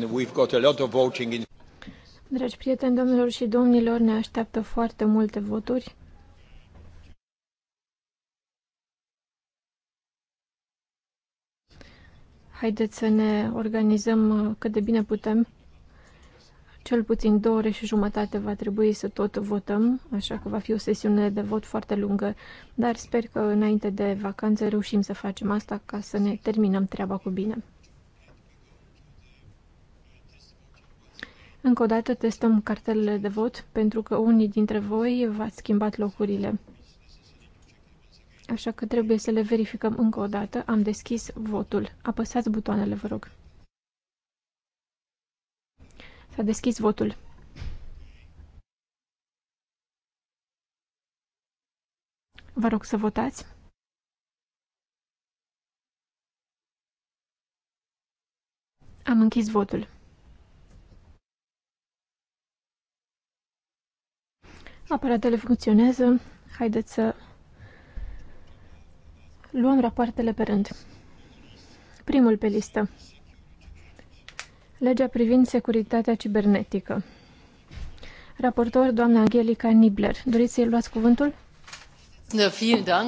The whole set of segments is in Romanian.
we've got a lot of voting in... Dragi prieteni, domnilor și domnilor, ne așteaptă foarte multe voturi. Haideți să ne organizăm uh, cât de bine putem. Cel puțin două ore și jumătate va trebui să tot votăm, așa că va fi o sesiune de vot foarte lungă, dar sper că înainte de vacanță reușim să facem asta ca să ne terminăm treaba cu bine. Încă o dată testăm cartelele de vot, pentru că unii dintre voi v-ați schimbat locurile. Așa că trebuie să le verificăm încă o dată. Am deschis votul. Apăsați butoanele, vă rog. S-a deschis votul. Vă rog să votați. Am închis votul. Aparatele funcționează. Haideți să luăm rapoartele pe rând. Primul pe listă. Legea privind securitatea cibernetică. Raportor, doamna Angelica Nibler. Doriți să-i luați cuvântul? Da,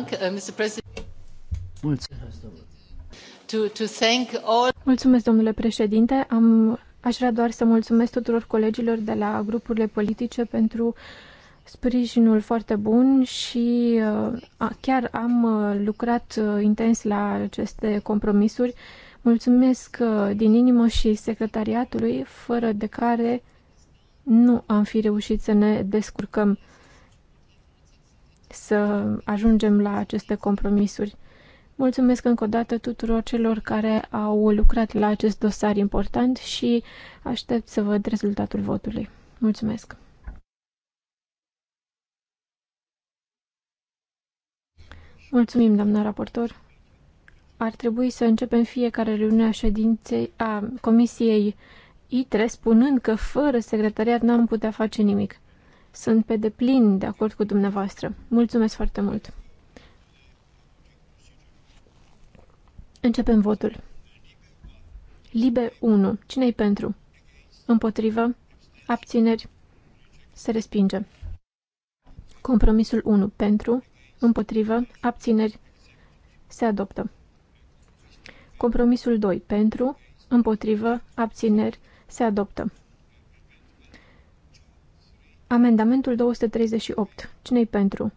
uh, mulțumesc, domnule președinte. Am, aș vrea doar să mulțumesc tuturor colegilor de la grupurile politice pentru uh, sprijinul foarte bun și uh, chiar am uh, lucrat uh, intens la aceste compromisuri. Mulțumesc din inimă și secretariatului, fără de care nu am fi reușit să ne descurcăm să ajungem la aceste compromisuri. Mulțumesc încă o dată tuturor celor care au lucrat la acest dosar important și aștept să văd rezultatul votului. Mulțumesc! Mulțumim, doamna raportor. Ar trebui să începem fiecare reuniune a ședinței a Comisiei ITRE spunând că fără secretariat n-am putea face nimic. Sunt pe deplin de acord cu dumneavoastră. Mulțumesc foarte mult. Începem votul. Libe 1. Cine-i pentru? Împotrivă? Abțineri? Se respinge. Compromisul 1. Pentru? împotrivă, abțineri, se adoptă. Compromisul 2. Pentru, împotrivă, abțineri, se adoptă. Amendamentul 238. Cine-i pentru?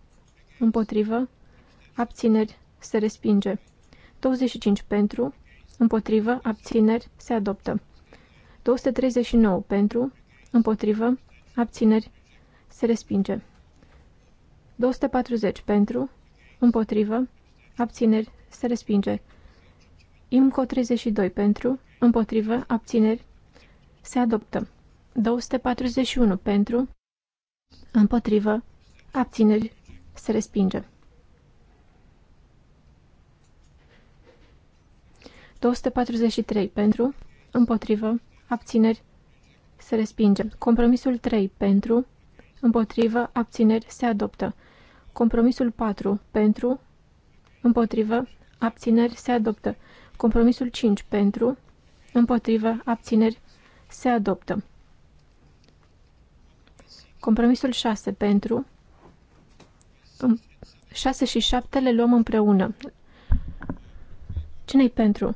Împotrivă, abțineri, se respinge. 25 pentru, împotrivă, abțineri, se adoptă. 239 pentru, împotrivă, abțineri, se respinge. 240 pentru, împotrivă, abțineri, se respinge. IMCO 32 pentru, împotrivă, abțineri, se adoptă. 241 pentru, împotrivă, abțineri, se respinge. 243 pentru, împotrivă, abțineri, se respinge. Compromisul 3 pentru, împotrivă, abțineri, se adoptă. Compromisul 4. Pentru. Împotrivă. Abțineri se adoptă. Compromisul 5. Pentru. Împotrivă. Abțineri se adoptă. Compromisul 6. Pentru. 6 și 7 le luăm împreună. Cine-i pentru?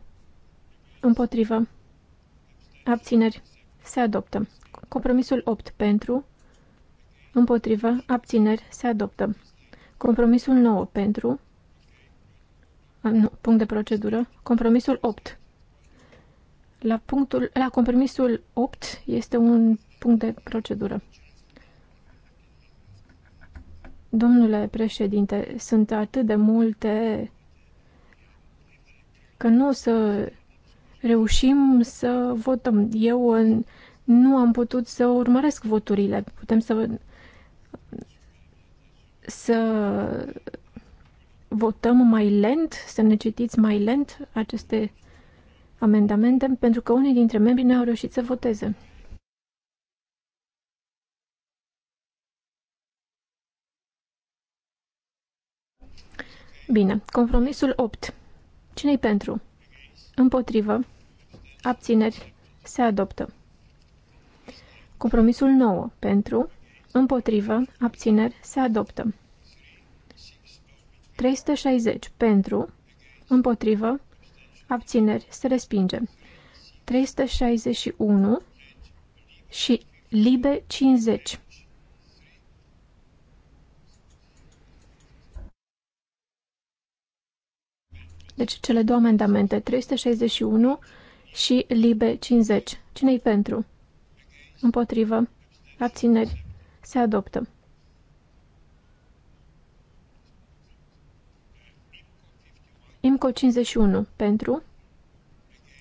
Împotrivă. Abțineri. Se adoptă. Compromisul 8 pentru. Împotrivă. Abțineri. Se adoptă. Compromisul 9 pentru. Nu, punct de procedură. Compromisul 8. La, punctul, la compromisul 8 este un punct de procedură. Domnule președinte, sunt atât de multe că nu o să reușim să votăm. Eu nu am putut să urmăresc voturile. Putem să să votăm mai lent, să ne citiți mai lent aceste amendamente, pentru că unii dintre membrii nu au reușit să voteze. Bine, compromisul 8. Cine-i pentru? Împotrivă. Abțineri. Se adoptă. Compromisul 9. Pentru. Împotrivă, abțineri, se adoptă. 360 pentru, împotrivă, abțineri, se respinge. 361 și libe 50. Deci cele două amendamente, 361 și libe 50. Cine-i pentru? Împotrivă, abțineri, se adoptă. IMCO 51. Pentru.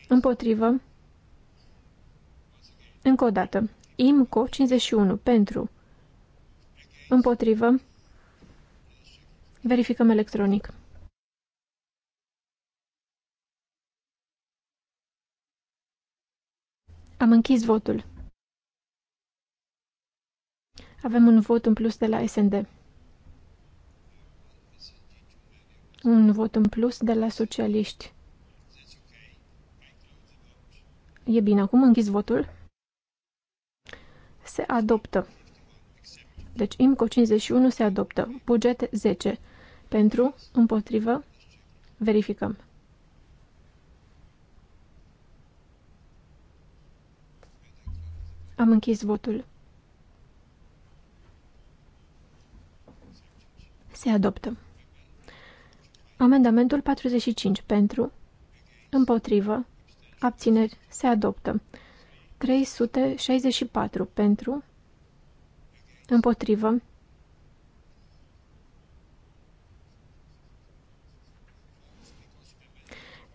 Împotrivă. Încă o dată. IMCO 51. Pentru. Împotrivă. Verificăm electronic. Am închis votul. Avem un vot în plus de la SND. Un vot în plus de la socialiști. E bine, acum închis votul. Se adoptă. Deci IMCO 51 se adoptă. Buget 10. Pentru, împotrivă, verificăm. Am închis votul. Se adoptă. Amendamentul 45 pentru, împotrivă, abțineri, se adoptă. 364 pentru, împotrivă,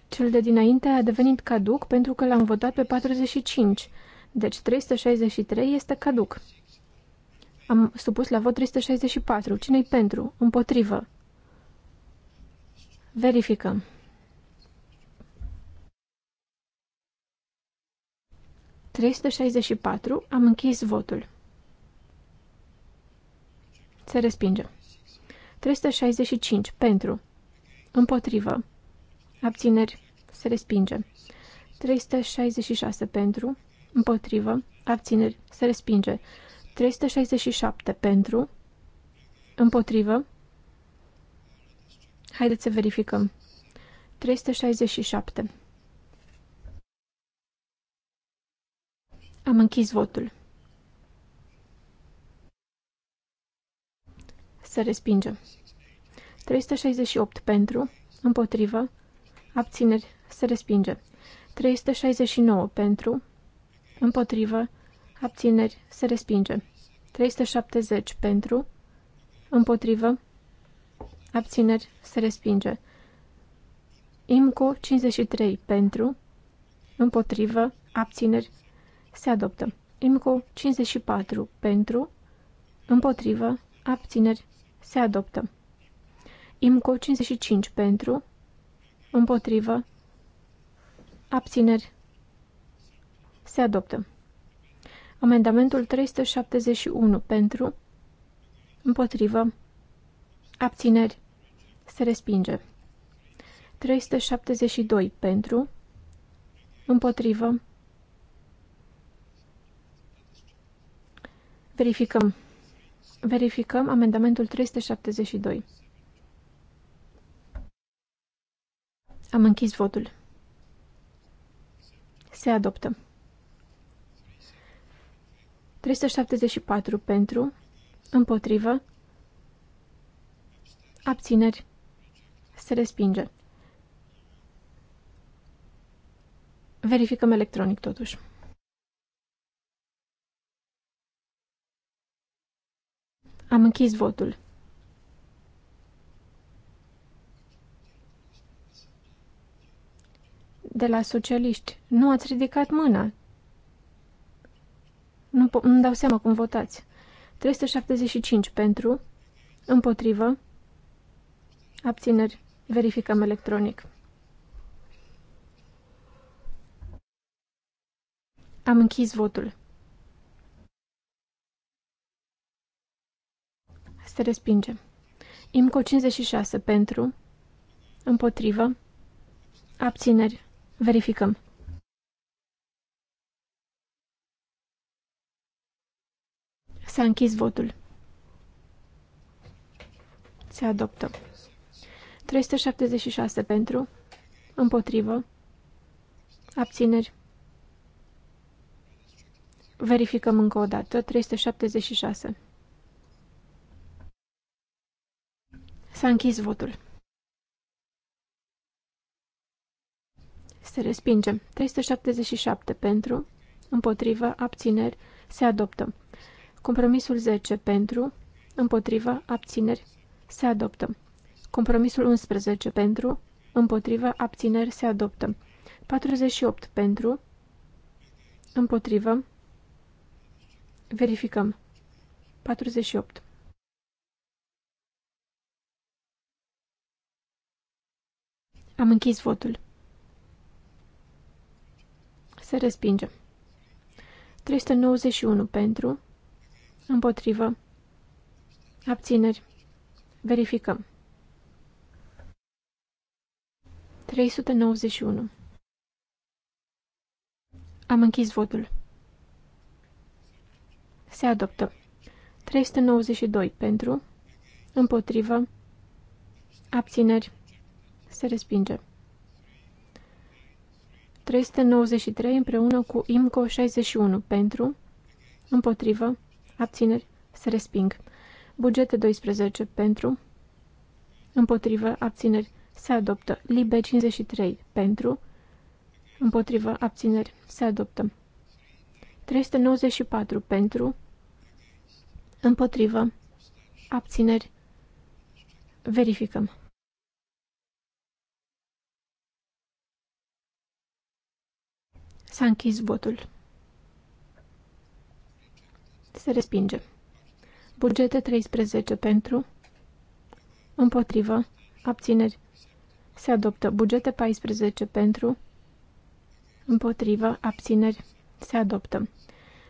Cel de dinainte a devenit caduc pentru că l-am votat pe 45, deci 363 este caduc. Am supus la vot 364. Cine-i pentru? Împotrivă. Verificăm. patru. Am închis votul. Se respinge. 365. Pentru. Împotrivă. Abțineri. Se respinge. 366. Pentru. Împotrivă. Abțineri. Se respinge. 367 pentru, împotrivă. Haideți să verificăm. 367. Am închis votul. Să respingem. 368 pentru, împotrivă, abțineri, Să respinge. 369 pentru, împotrivă, Abțineri. Se respinge. 370 pentru. Împotrivă. Abțineri. Se respinge. IMCO 53 pentru. Împotrivă. Abțineri. Se adoptă. IMCO 54 pentru. Împotrivă. Abțineri. Se adoptă. IMCO 55 pentru. Împotrivă. Abțineri. Se adoptă. Amendamentul 371 pentru, împotrivă, abțineri, se respinge. 372 pentru, împotrivă, verificăm. Verificăm amendamentul 372. Am închis votul. Se adoptă. 374 pentru, împotrivă, abțineri, se respinge. Verificăm electronic totuși. Am închis votul. De la socialiști, nu ați ridicat mâna. Nu îmi dau seama cum votați. 375 pentru, împotrivă, abțineri, verificăm electronic. Am închis votul. Se respinge. IMCO 56 pentru, împotrivă, abțineri, verificăm. S-a închis votul. Se adoptă. 376 pentru, împotrivă, abțineri. Verificăm încă o dată. 376. S-a închis votul. Se respinge. 377 pentru, împotrivă, abțineri, se adoptă. Compromisul 10 pentru, împotriva, abțineri, se adoptă. Compromisul 11 pentru, împotriva, abțineri, se adoptă. 48 pentru, împotrivă, verificăm. 48. Am închis votul. Se respinge. 391 pentru, Împotrivă. Abțineri. Verificăm. 391. Am închis votul. Se adoptă. 392 pentru, împotrivă, abțineri, se respinge. 393 împreună cu IMCO 61 pentru, împotrivă, Abțineri. Se resping. Bugete 12 pentru. Împotrivă. Abțineri. Se adoptă. Libe 53 pentru. Împotrivă. Abțineri. Se adoptă. 394 pentru. Împotrivă. Abțineri. Verificăm. S-a închis votul. Se respinge. Bugete 13 pentru. Împotrivă. Abțineri. Se adoptă. Bugete 14 pentru. Împotrivă. Abțineri. Se adoptă.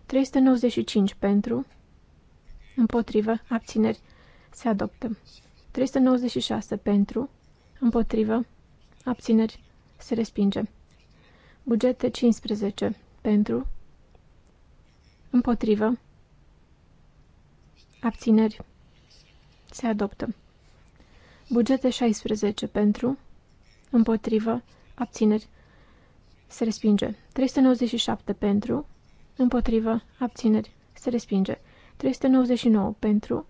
395 pentru. Împotrivă. Abțineri. Se adoptă. 396 pentru. Împotrivă. Abțineri. Se respinge. Bugete 15 pentru. Împotrivă. Abțineri. Se adoptă. Bugete 16 pentru, împotrivă, abțineri. Se respinge. 397 pentru, împotrivă, abțineri. Se respinge. 399 pentru,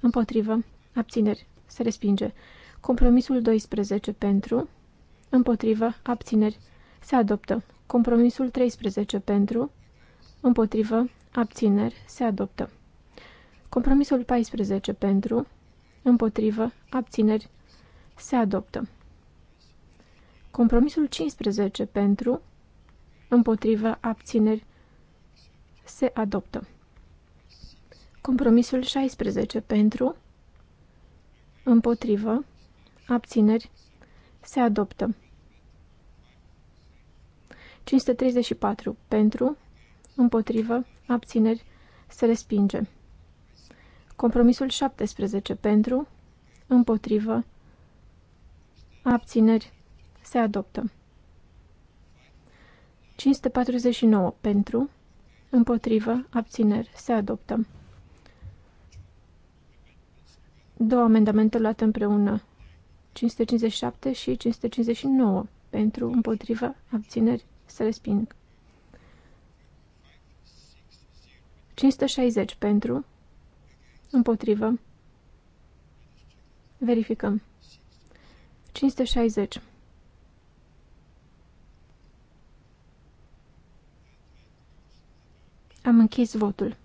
împotrivă, abțineri. Se respinge. Compromisul 12 pentru, împotrivă, abțineri. Se adoptă. Compromisul 13 pentru, împotrivă, abțineri. Se adoptă. Compromisul 14 pentru, împotrivă, abțineri, se adoptă. Compromisul 15 pentru, împotrivă, abțineri, se adoptă. Compromisul 16 pentru, împotrivă, abțineri, se adoptă. 534 pentru, împotrivă, abțineri, se respinge. Compromisul 17 pentru, împotrivă, abțineri, se adoptă. 549 pentru, împotrivă, abțineri, se adoptă. Două amendamente luate împreună, 557 și 559 pentru, împotrivă, abțineri, se resping. 560 pentru, Împotrivă. Verificăm. 560. Am închis votul.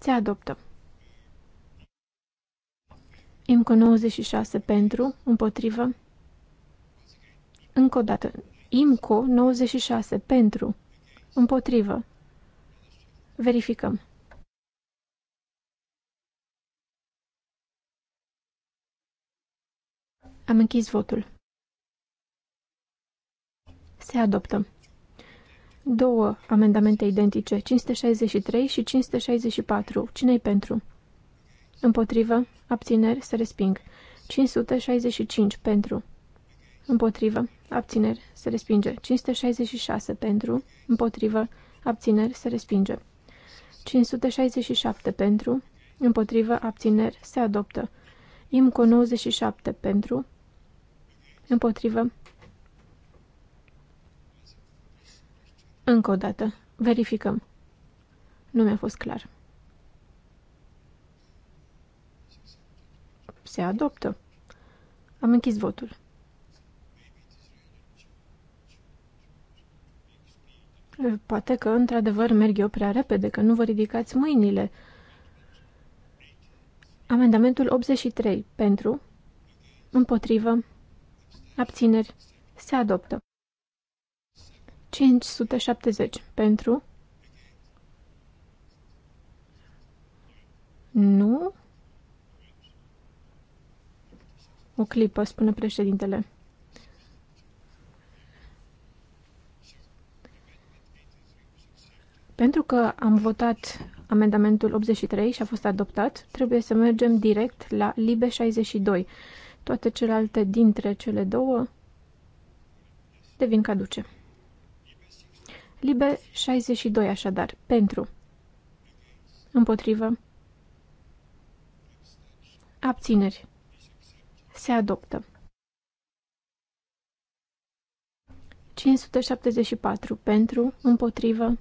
Se adoptă. IMCO 96 pentru, împotrivă. Încă o dată. IMCO 96 pentru, împotrivă. Verificăm. Am închis votul. Se adoptă. Două amendamente identice, 563 și 564. cine e pentru? Împotrivă. Abțineri. Se resping. 565 pentru. Împotrivă. Abțineri. Se respinge. 566 pentru. Împotrivă. Abțineri. Se respinge. 567 pentru. Împotrivă. Abțineri. Se adoptă. IMCO 97 pentru. Împotrivă. Încă o dată. Verificăm. Nu mi-a fost clar. Se adoptă. Am închis votul. Poate că, într-adevăr, merg eu prea repede, că nu vă ridicați mâinile. Amendamentul 83. Pentru. Împotrivă. Abțineri. Se adoptă. 570 pentru. Nu. O clipă, spune președintele. Pentru că am votat amendamentul 83 și a fost adoptat, trebuie să mergem direct la LIBE 62. Toate celelalte dintre cele două devin caduce. Libe 62 așadar, pentru, împotrivă, abțineri, se adoptă. 574 pentru, împotrivă,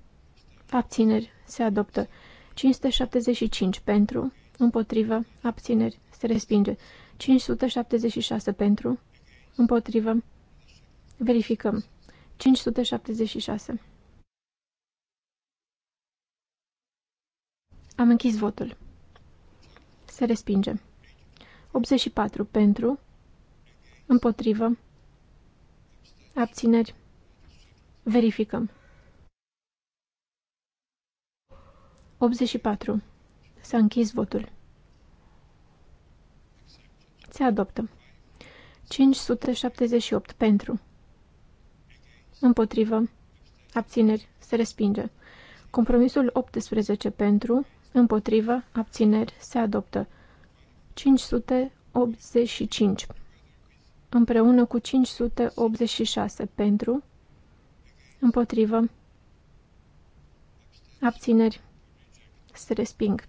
abțineri, se adoptă. 575 pentru, împotrivă, abțineri, se respinge. 576 pentru, împotrivă. Verificăm. 576. Am închis votul. Se respinge. 84 pentru, împotrivă, abțineri. Verificăm. 84. S-a închis votul. Se adoptă. 578 pentru. Împotrivă. Abțineri. Se respinge. Compromisul 18 pentru. Împotrivă. Abțineri. Se adoptă. 585 împreună cu 586 pentru, împotrivă, abțineri, se resping.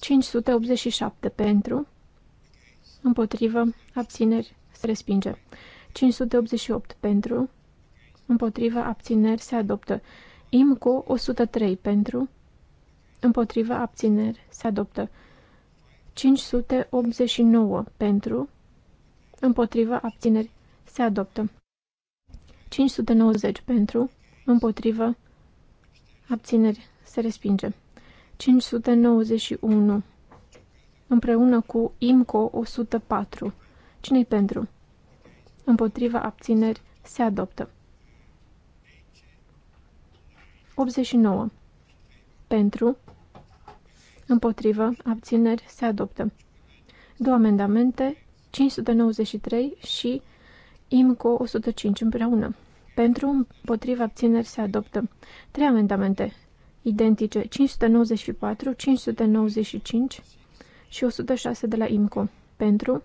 587 pentru, împotrivă, abțineri, se respinge. 588 pentru, împotrivă, abțineri, se adoptă. IMCO 103 pentru, împotrivă, abțineri, se adoptă. 589 pentru, împotrivă, abțineri, se adoptă. 590 pentru, împotrivă, abțineri, se respinge. 591 împreună cu IMCO 104. Cine-i pentru? Împotriva abțineri se adoptă. 89. Pentru. Împotriva Abțineri se adoptă. Două amendamente, 593 și IMCO 105 împreună. Pentru, împotriva, abțineri se adoptă. Trei amendamente, identice 594, 595 și 106 de la IMCO. Pentru,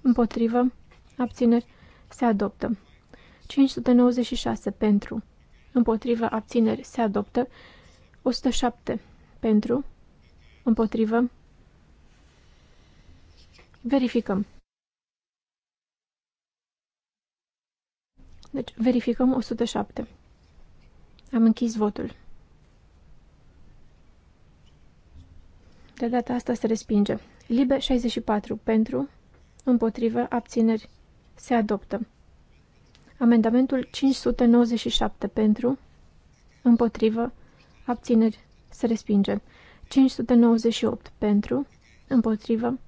împotrivă, abțineri, se adoptă. 596 pentru, împotrivă, abțineri, se adoptă. 107 pentru, împotrivă. Verificăm. Deci, verificăm 107. Am închis votul. De data asta se respinge. Libe 64. Pentru, împotrivă, abțineri. Se adoptă. Amendamentul 597. Pentru, împotrivă, abțineri. Se respinge. 598. Pentru, împotrivă,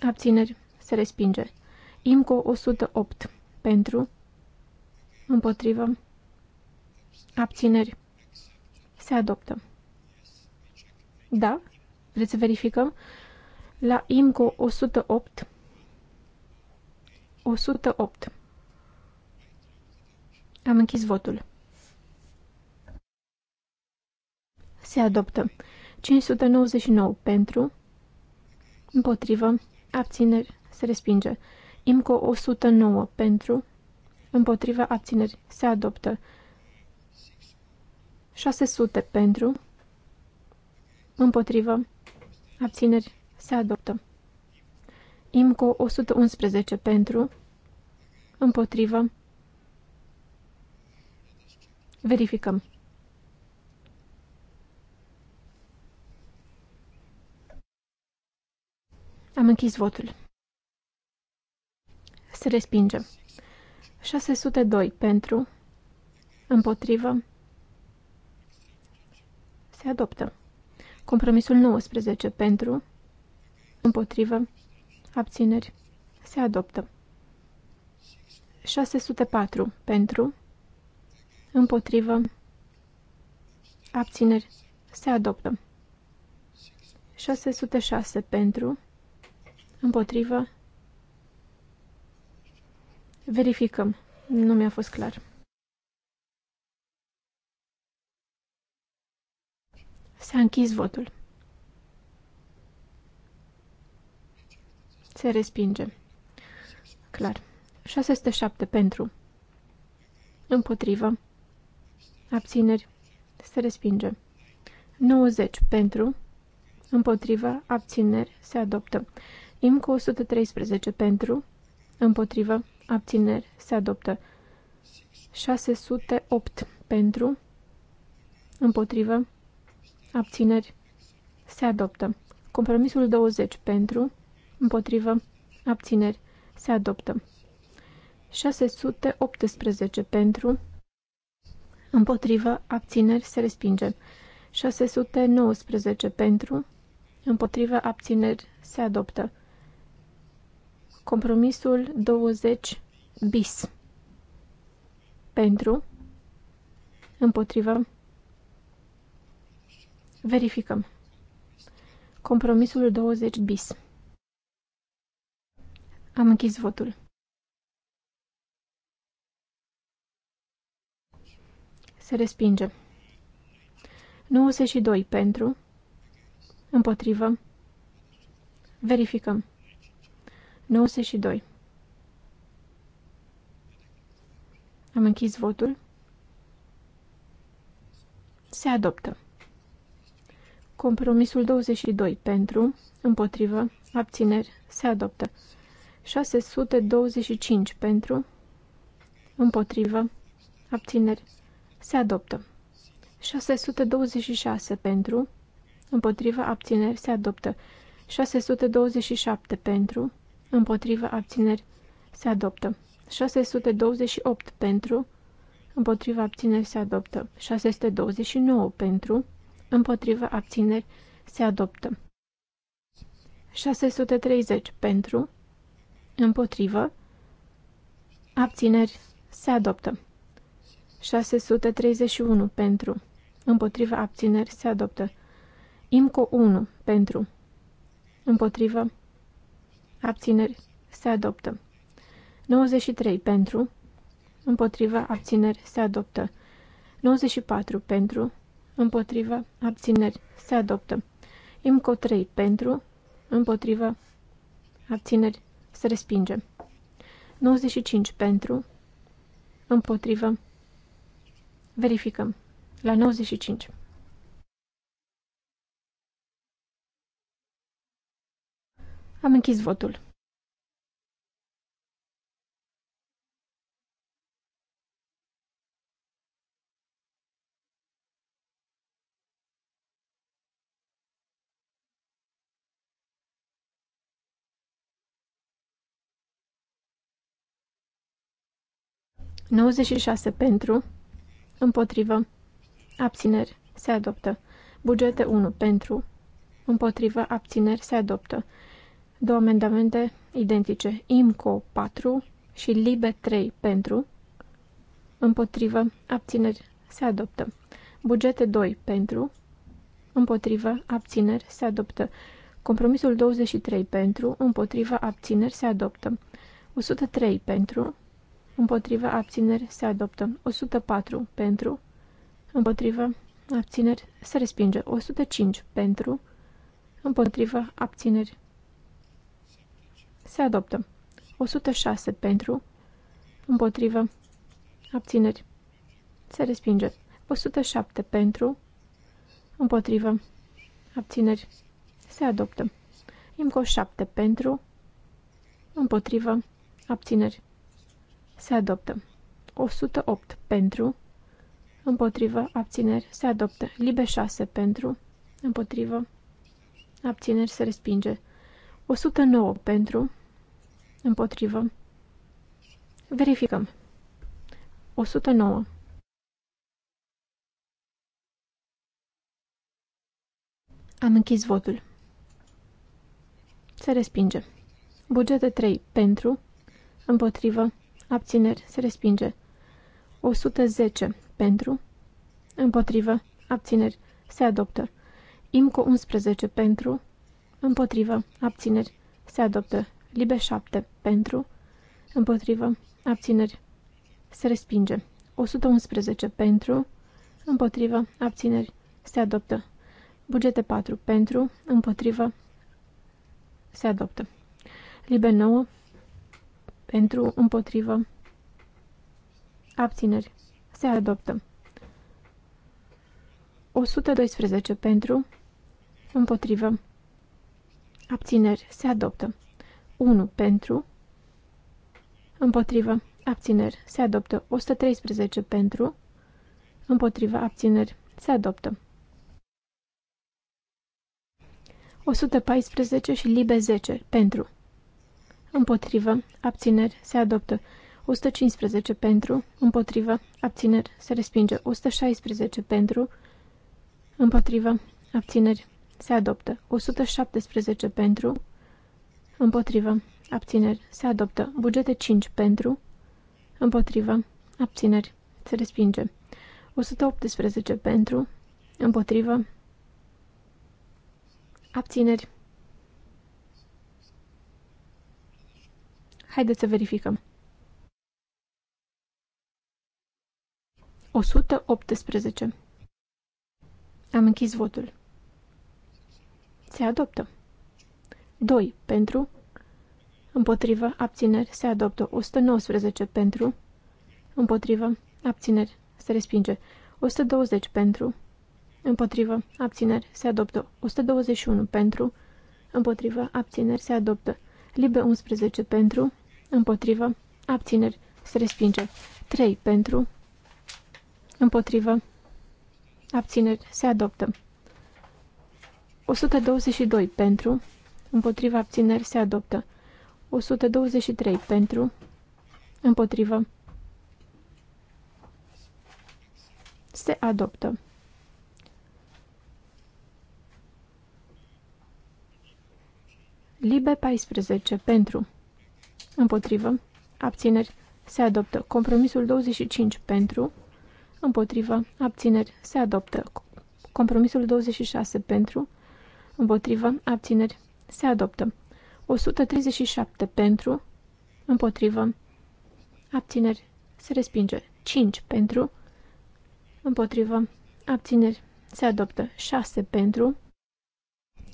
abțineri. Se respinge. IMCO 108. Pentru, împotrivă, abțineri. Se adoptă. Da? Vreți să verificăm? La IMCO 108. 108. Am închis votul. Se adoptă. 599 pentru, împotrivă, abțineri, se respinge. IMCO 109 pentru, împotrivă, abțineri, se adoptă. 600 pentru, Împotrivă. Abțineri. Se adoptă. IMCO 111 pentru. Împotrivă. Verificăm. Am închis votul. Se respinge. 602 pentru. Împotrivă. Se adoptă. Compromisul 19 pentru, împotrivă, abțineri, se adoptă. 604 pentru, împotrivă, abțineri, se adoptă. 606 pentru, împotrivă, verificăm, nu mi-a fost clar. S-a închis votul. Se respinge. Clar. 607 pentru. Împotrivă. Abțineri. Se respinge. 90 pentru. Împotrivă. Abțineri. Se adoptă. IMCO 113 pentru. Împotrivă. Abțineri. Se adoptă. 608 pentru. Împotrivă. Abțineri. Se adoptă. Compromisul 20 pentru, împotrivă, abțineri. Se adoptă. 618 pentru, împotrivă, abțineri. Se respinge. 619 pentru, împotrivă, abțineri. Se adoptă. Compromisul 20 bis pentru, împotrivă, Verificăm. Compromisul 20 bis. Am închis votul. Se respinge. 92 pentru. Împotrivă. Verificăm. 92. Am închis votul. Se adoptă. Compromisul 22 pentru, împotrivă, abțineri, se adoptă. 625 pentru, împotrivă, abțineri, se adoptă. 626 pentru, împotrivă, abțineri, se adoptă. 627 pentru, împotrivă, abțineri, se adoptă. 628 pentru, împotrivă, abțineri, se adoptă. 629 pentru, împotriva abțineri, se adoptă. 630 pentru, împotrivă, abțineri, se adoptă. 631 pentru, împotrivă, abțineri, se adoptă. IMCO 1 pentru, împotrivă, abțineri, se adoptă. 93 pentru, împotrivă, abțineri, se adoptă. 94 pentru, împotriva, abțineri, se adoptă. IMCO 3 pentru, împotriva, abțineri, se respinge. 95 pentru, împotrivă, verificăm. La 95. Am închis votul. 96 pentru, împotrivă, abțineri, se adoptă. Bugete 1 pentru, împotrivă, abțineri, se adoptă. Două amendamente identice, IMCO 4 și LIBE 3 pentru, împotrivă, abțineri, se adoptă. Bugete 2 pentru, împotrivă, abțineri, se adoptă. Compromisul 23 pentru, împotrivă, abțineri, se adoptă. 103 pentru, împotriva abțineri se adoptă. 104 pentru, împotriva abțineri se respinge. 105 pentru, împotriva abțineri se adoptă. 106 pentru, împotrivă, abțineri, se respinge. 107 pentru, împotrivă, abțineri, se adoptă. IMCO 7 pentru, împotrivă, abțineri, se adoptă. 108 pentru, împotrivă, abțineri, se adoptă. Libe 6 pentru, împotrivă, abțineri, se respinge. 109 pentru, împotrivă. Verificăm. 109. Am închis votul. Se respinge. Bugete 3 pentru, împotrivă, abțineri, se respinge. 110 pentru, împotrivă, abțineri, se adoptă. IMCO 11 pentru, împotrivă, abțineri, se adoptă. Libe 7 pentru, împotrivă, abțineri, se respinge. 111 pentru, împotrivă, abțineri, se adoptă. Bugete 4 pentru, împotrivă, se adoptă. Libe 9 pentru, împotrivă, abțineri, se adoptă. 112 pentru, împotrivă, abțineri, se adoptă. 1 pentru, împotrivă, abțineri, se adoptă. 113 pentru, împotrivă, abțineri, se adoptă. 114 și libe 10 pentru împotrivă, abțineri, se adoptă. 115 pentru, împotrivă, abțineri, se respinge. 116 pentru, împotrivă, abțineri, se adoptă. 117 pentru, împotrivă, abțineri, se adoptă. Bugete 5 pentru, împotrivă, abțineri, se respinge. 118 pentru, împotrivă, abțineri, Haideți să verificăm. 118. Am închis votul. Se adoptă. 2 pentru. Împotrivă. Abțineri. Se adoptă. 119 pentru. Împotrivă. Abțineri. Se respinge. 120 pentru. Împotrivă. Abțineri. Se adoptă. 121 pentru. Împotrivă. Abțineri. Se adoptă. Libe 11 pentru. Împotrivă. Abțineri. Se respinge. 3 pentru. Împotrivă. Abțineri. Se adoptă. 122 pentru. Împotriva abțineri se adoptă. 123 pentru. Împotrivă. Se adoptă. Libe 14 pentru. Împotrivă. Abțineri. Se adoptă. Compromisul 25 pentru. Împotrivă. Abțineri. Se adoptă. Compromisul 26 pentru. Împotrivă. Abțineri. Se adoptă. 137 pentru. Împotrivă. Abțineri. Se respinge. 5 pentru. Împotrivă. Abțineri. Se adoptă. 6 pentru.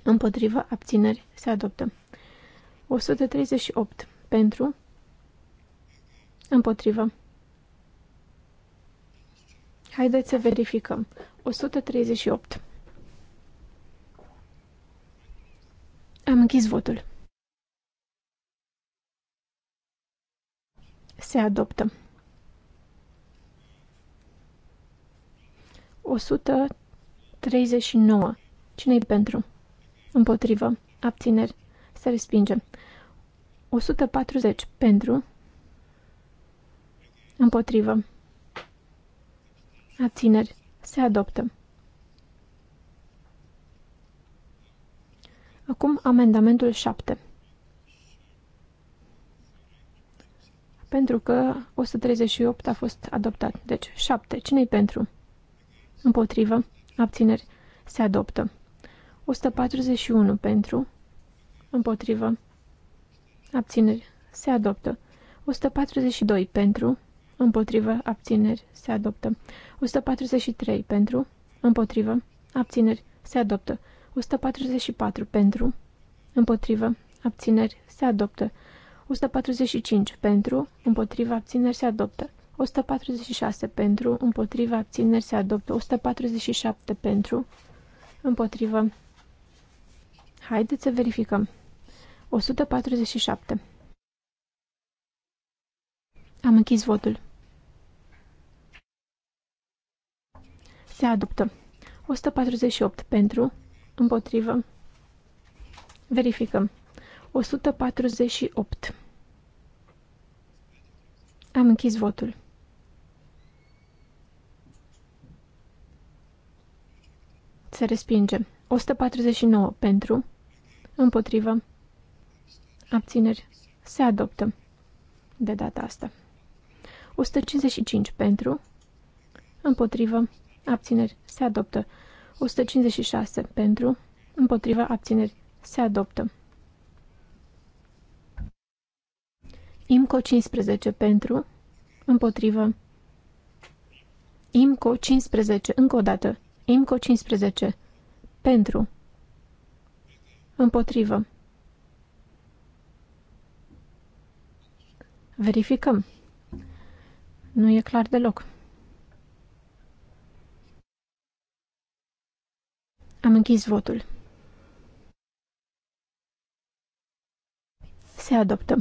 Împotrivă. Abțineri. Se adoptă. 138 pentru. Împotrivă. Haideți să verificăm. 138. Am închis votul. Se adoptă. 139. Cine-i pentru? Împotrivă. Abțineri. Se respinge. 140 pentru, împotrivă, abțineri, se adoptă. Acum amendamentul 7. Pentru că 138 a fost adoptat. Deci 7. Cine-i pentru? Împotrivă. Abțineri. Se adoptă. 141 pentru. Împotrivă abțineri, se adoptă. 142 pentru, împotrivă, abțineri, se adoptă. 143 pentru, împotrivă, abțineri, se adoptă. 144 pentru, împotrivă, abțineri, se adoptă. 145 pentru, Împotrivă. abțineri se adoptă. 146 pentru, Împotrivă. abțineri se adoptă. 147 pentru, împotrivă. Haideți să verificăm. 147. Am închis votul. Se adoptă. 148 pentru, împotrivă. Verificăm. 148. Am închis votul. Se respinge. 149 pentru, împotrivă abțineri, se adoptă de data asta. 155 pentru, împotrivă, abțineri, se adoptă. 156 pentru, împotrivă, abțineri, se adoptă. IMCO 15 pentru, împotrivă, IMCO 15, încă o dată, IMCO 15, pentru, împotrivă, Verificăm. Nu e clar deloc. Am închis votul. Se adoptă.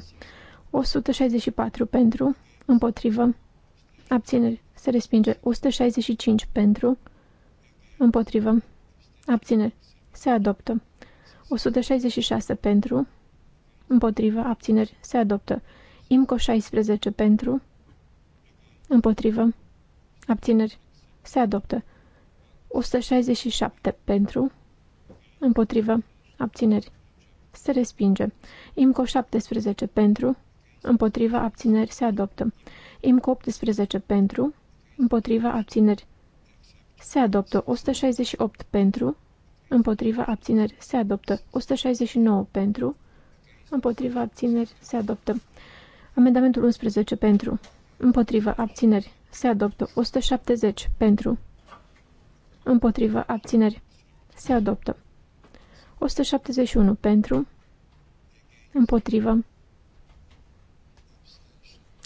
164 pentru, împotrivă, abțineri, se respinge. 165 pentru, împotrivă, abțineri, se adoptă. 166 pentru, împotrivă, abțineri, se adoptă. IMCO 16 pentru, împotrivă, abțineri, se adoptă. 167 pentru, împotrivă, abțineri, se respinge. IMCO 17 pentru, împotriva abțineri se adoptă. IMCO 18 pentru, împotriva abțineri se adoptă. 168 pentru, împotriva abțineri se adoptă. 169 pentru, împotriva abțineri se adoptă. Amendamentul 11 pentru. Împotrivă abțineri. Se adoptă 170 pentru. Împotrivă abțineri. Se adoptă. 171 pentru. Împotrivă.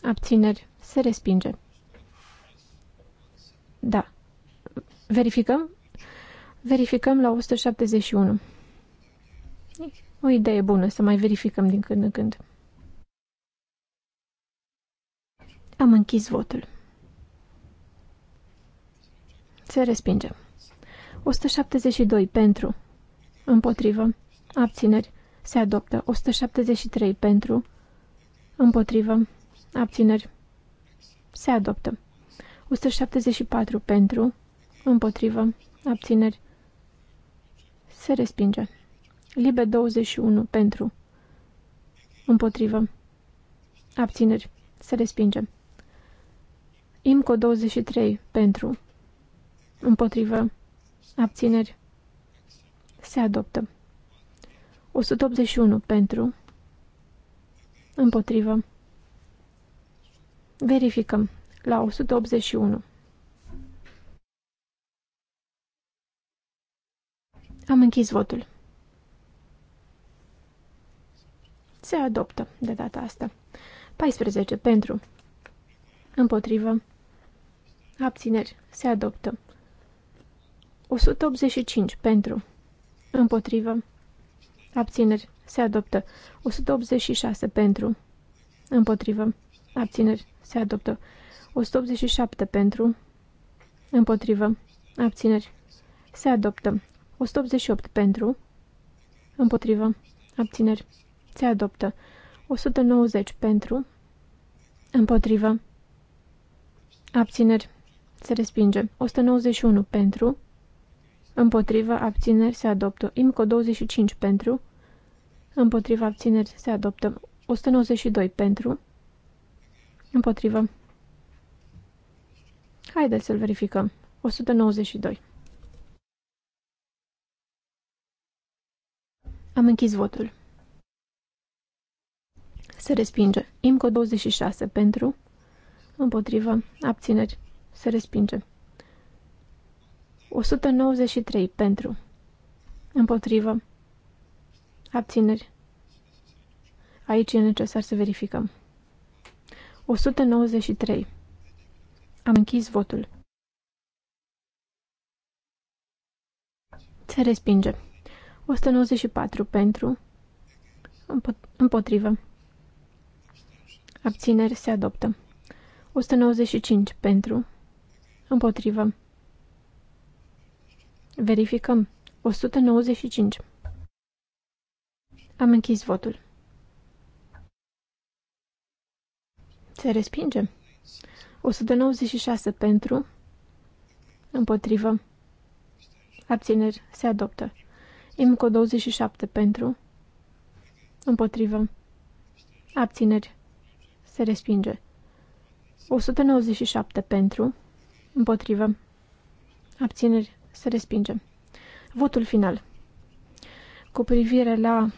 Abțineri. Se respinge. Da. Verificăm? Verificăm la 171. O idee bună să mai verificăm din când în când. Am închis votul. Se respinge. 172 pentru. Împotrivă. Abțineri. Se adoptă. 173 pentru. Împotrivă. Abțineri. Se adoptă. 174 pentru. Împotrivă. Abțineri. Se respinge. Libe 21 pentru. Împotrivă. Abțineri. Se respinge. IMCO 23 pentru. Împotrivă. Abțineri. Se adoptă. 181 pentru. Împotrivă. Verificăm. La 181. Am închis votul. Se adoptă de data asta. 14 pentru. Împotrivă. Abțineri. Se adoptă. 185. Pentru. Împotrivă. Abțineri. Se adoptă. 186. Pentru. Împotrivă. Abțineri. Se adoptă. 187. Pentru. Împotrivă. Abțineri. Se adoptă. 188. Pentru. Împotrivă. Abțineri. Se adoptă. 190. Pentru. Împotrivă. Abțineri. Se respinge. 191 pentru. împotriva abțineri se adoptă. IMCO 25 pentru. împotriva abțineri se adoptă. 192 pentru. împotriva. Haideți să-l verificăm. 192. Am închis votul. Se respinge. IMCO 26 pentru. împotriva Abțineri. Se respinge. 193. Pentru. Împotrivă. Abțineri. Aici e necesar să verificăm. 193. Am închis votul. Se respinge. 194 pentru, împotrivă. Abțineri se adoptă. 195 pentru, Împotrivă. Verificăm. 195. Am închis votul. Se respinge. 196 pentru. Împotrivă. Abțineri. Se adoptă. IMCO 27 pentru. Împotrivă. Abțineri. Se respinge. 197 pentru. Împotrivă. Abțineri. Se respinge. Votul final. Cu privire la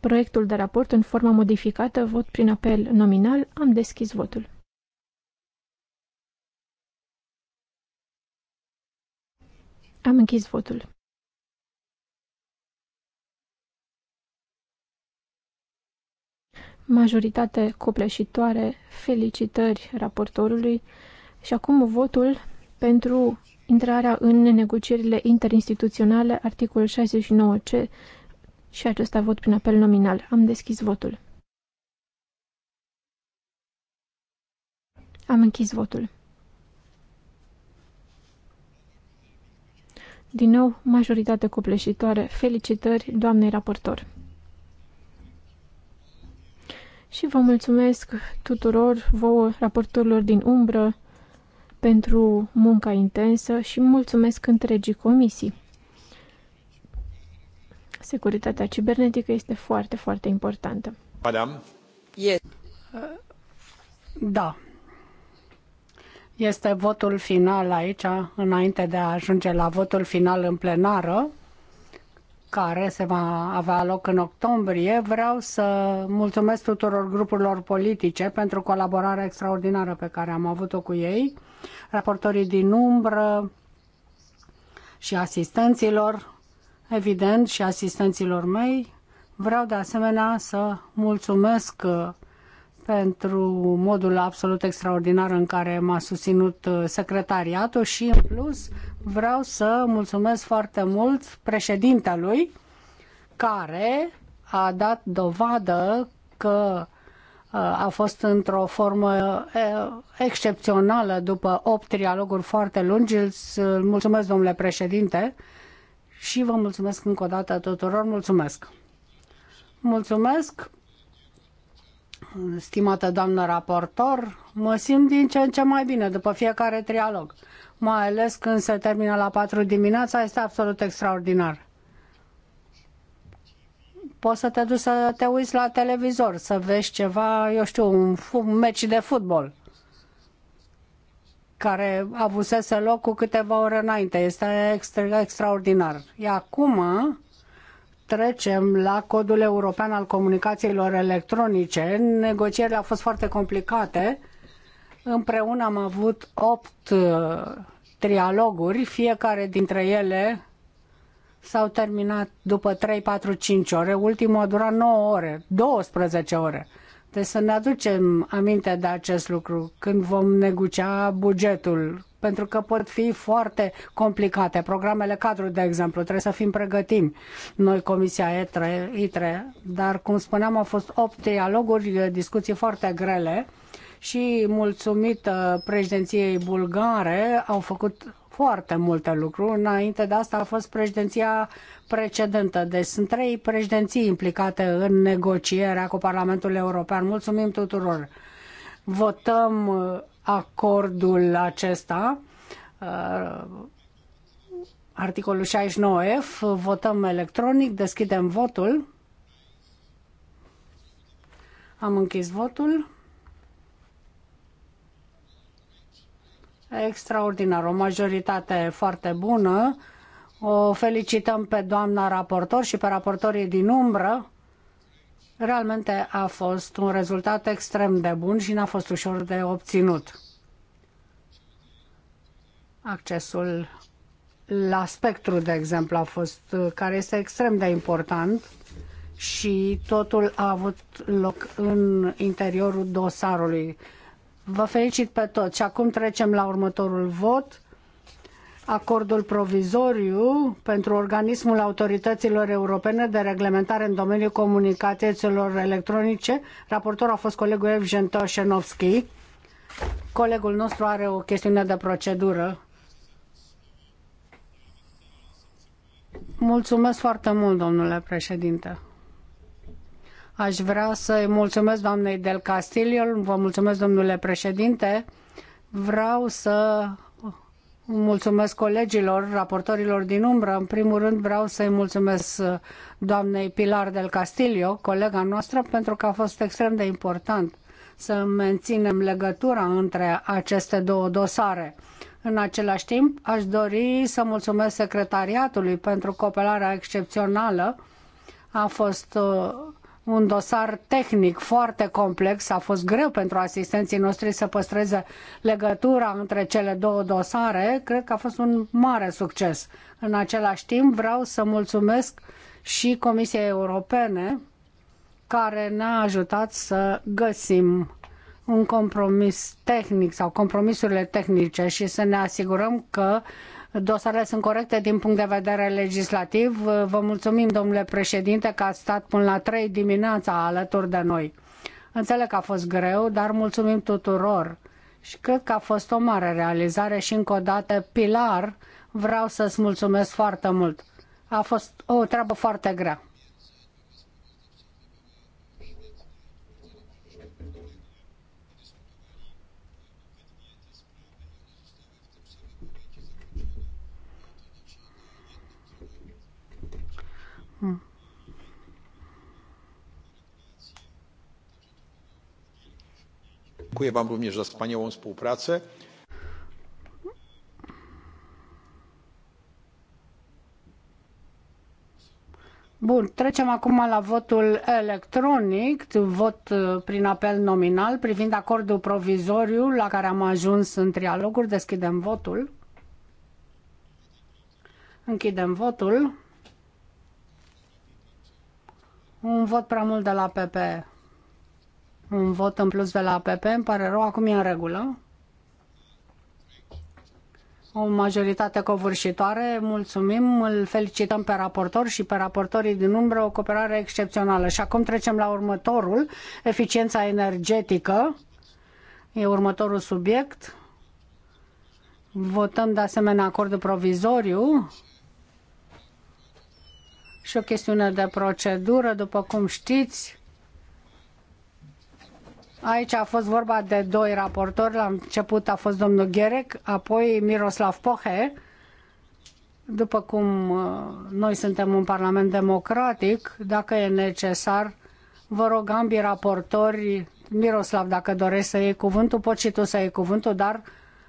proiectul de raport în forma modificată, vot prin apel nominal, am deschis votul. Am închis votul. Majoritate copleșitoare, felicitări raportorului și acum votul pentru intrarea în negocierile interinstituționale, articolul 69C, și acesta vot prin apel nominal. Am deschis votul. Am închis votul. Din nou, majoritate copleșitoare. Felicitări, doamnei raportor! Și vă mulțumesc tuturor, vouă, raportorilor din umbră, pentru munca intensă și mulțumesc întregii comisii. Securitatea cibernetică este foarte, foarte importantă. Madam? Yes. Da. Este votul final aici, înainte de a ajunge la votul final în plenară care se va avea loc în octombrie, vreau să mulțumesc tuturor grupurilor politice pentru colaborarea extraordinară pe care am avut-o cu ei, raportorii din umbră și asistenților, evident, și asistenților mei. Vreau de asemenea să mulțumesc uh, pentru modul absolut extraordinar în care m-a susținut uh, secretariatul și, în plus, vreau să mulțumesc foarte mult președintelui care a dat dovadă că uh, a fost într-o formă uh, excepțională după opt trialoguri foarte lungi. Îl mulțumesc, domnule președinte, și vă mulțumesc încă o dată tuturor. Mulțumesc! Mulțumesc, stimată doamnă raportor, mă simt din ce în ce mai bine după fiecare trialog mai ales când se termină la 4 dimineața, este absolut extraordinar. Poți să te duci să te uiți la televizor, să vezi ceva, eu știu, un, un meci de fotbal care avusese loc cu câteva ore înainte. Este extra, extraordinar. Iar acum trecem la codul european al comunicațiilor electronice. Negocierile au fost foarte complicate Împreună am avut opt uh, trialoguri, fiecare dintre ele s-au terminat după 3, 4, 5 ore. Ultimul a durat 9 ore, 12 ore. Deci să ne aducem aminte de acest lucru când vom negocia bugetul, pentru că pot fi foarte complicate. Programele cadru, de exemplu, trebuie să fim pregătim noi, Comisia ETRE, ITRE dar, cum spuneam, au fost 8 dialoguri, discuții foarte grele și mulțumită uh, președinției bulgare au făcut foarte multe lucruri. Înainte de asta a fost președinția precedentă. Deci sunt trei președinții implicate în negocierea cu Parlamentul European. Mulțumim tuturor! Votăm uh, acordul acesta uh, articolul 69F, votăm electronic, deschidem votul. Am închis votul. Extraordinar o majoritate foarte bună. O felicităm pe doamna raportor și pe raportorii din umbră. Realmente a fost un rezultat extrem de bun și n-a fost ușor de obținut. Accesul la spectru, de exemplu, a fost, care este extrem de important și totul a avut loc în interiorul dosarului Vă felicit pe toți. Și acum trecem la următorul vot. Acordul provizoriu pentru organismul autorităților europene de reglementare în domeniul comunicațiilor electronice. Raportor a fost colegul Evgen Toșenovski. Colegul nostru are o chestiune de procedură. Mulțumesc foarte mult, domnule președinte. Aș vrea să-i mulțumesc doamnei Del Castillo, vă mulțumesc domnule președinte. Vreau să mulțumesc colegilor, raportorilor din umbră. În primul rând vreau să-i mulțumesc doamnei Pilar del Castillo, colega noastră, pentru că a fost extrem de important să menținem legătura între aceste două dosare. În același timp, aș dori să mulțumesc secretariatului pentru cooperarea excepțională. A fost uh, un dosar tehnic foarte complex. A fost greu pentru asistenții noștri să păstreze legătura între cele două dosare. Cred că a fost un mare succes. În același timp vreau să mulțumesc și Comisiei Europene care ne-a ajutat să găsim un compromis tehnic sau compromisurile tehnice și să ne asigurăm că dosarele sunt corecte din punct de vedere legislativ. Vă mulțumim, domnule președinte, că ați stat până la trei dimineața alături de noi. Înțeleg că a fost greu, dar mulțumim tuturor. Și cred că a fost o mare realizare și încă o dată, Pilar, vreau să-ți mulțumesc foarte mult. A fost o treabă foarte grea. Dziękuję Wam również za wspaniałą współpracę. Bun, trecem acum la votul electronic, vot uh, prin apel nominal, privind acordul provizoriu la care am ajuns în trialoguri. Deschidem votul. Închidem votul. Un vot prea mult de la PP un vot în plus de la APP, îmi pare rău, acum e în regulă. O majoritate covârșitoare, mulțumim, îl felicităm pe raportor și pe raportorii din umbră, o cooperare excepțională. Și acum trecem la următorul, eficiența energetică, e următorul subiect. Votăm de asemenea acordul provizoriu și o chestiune de procedură, după cum știți, Aici a fost vorba de doi raportori. La început a fost domnul Gherec, apoi Miroslav Pohe. După cum uh, noi suntem un parlament democratic, dacă e necesar, vă rog ambii raportori, Miroslav, dacă dorești să iei cuvântul, poți și tu să iei cuvântul, dar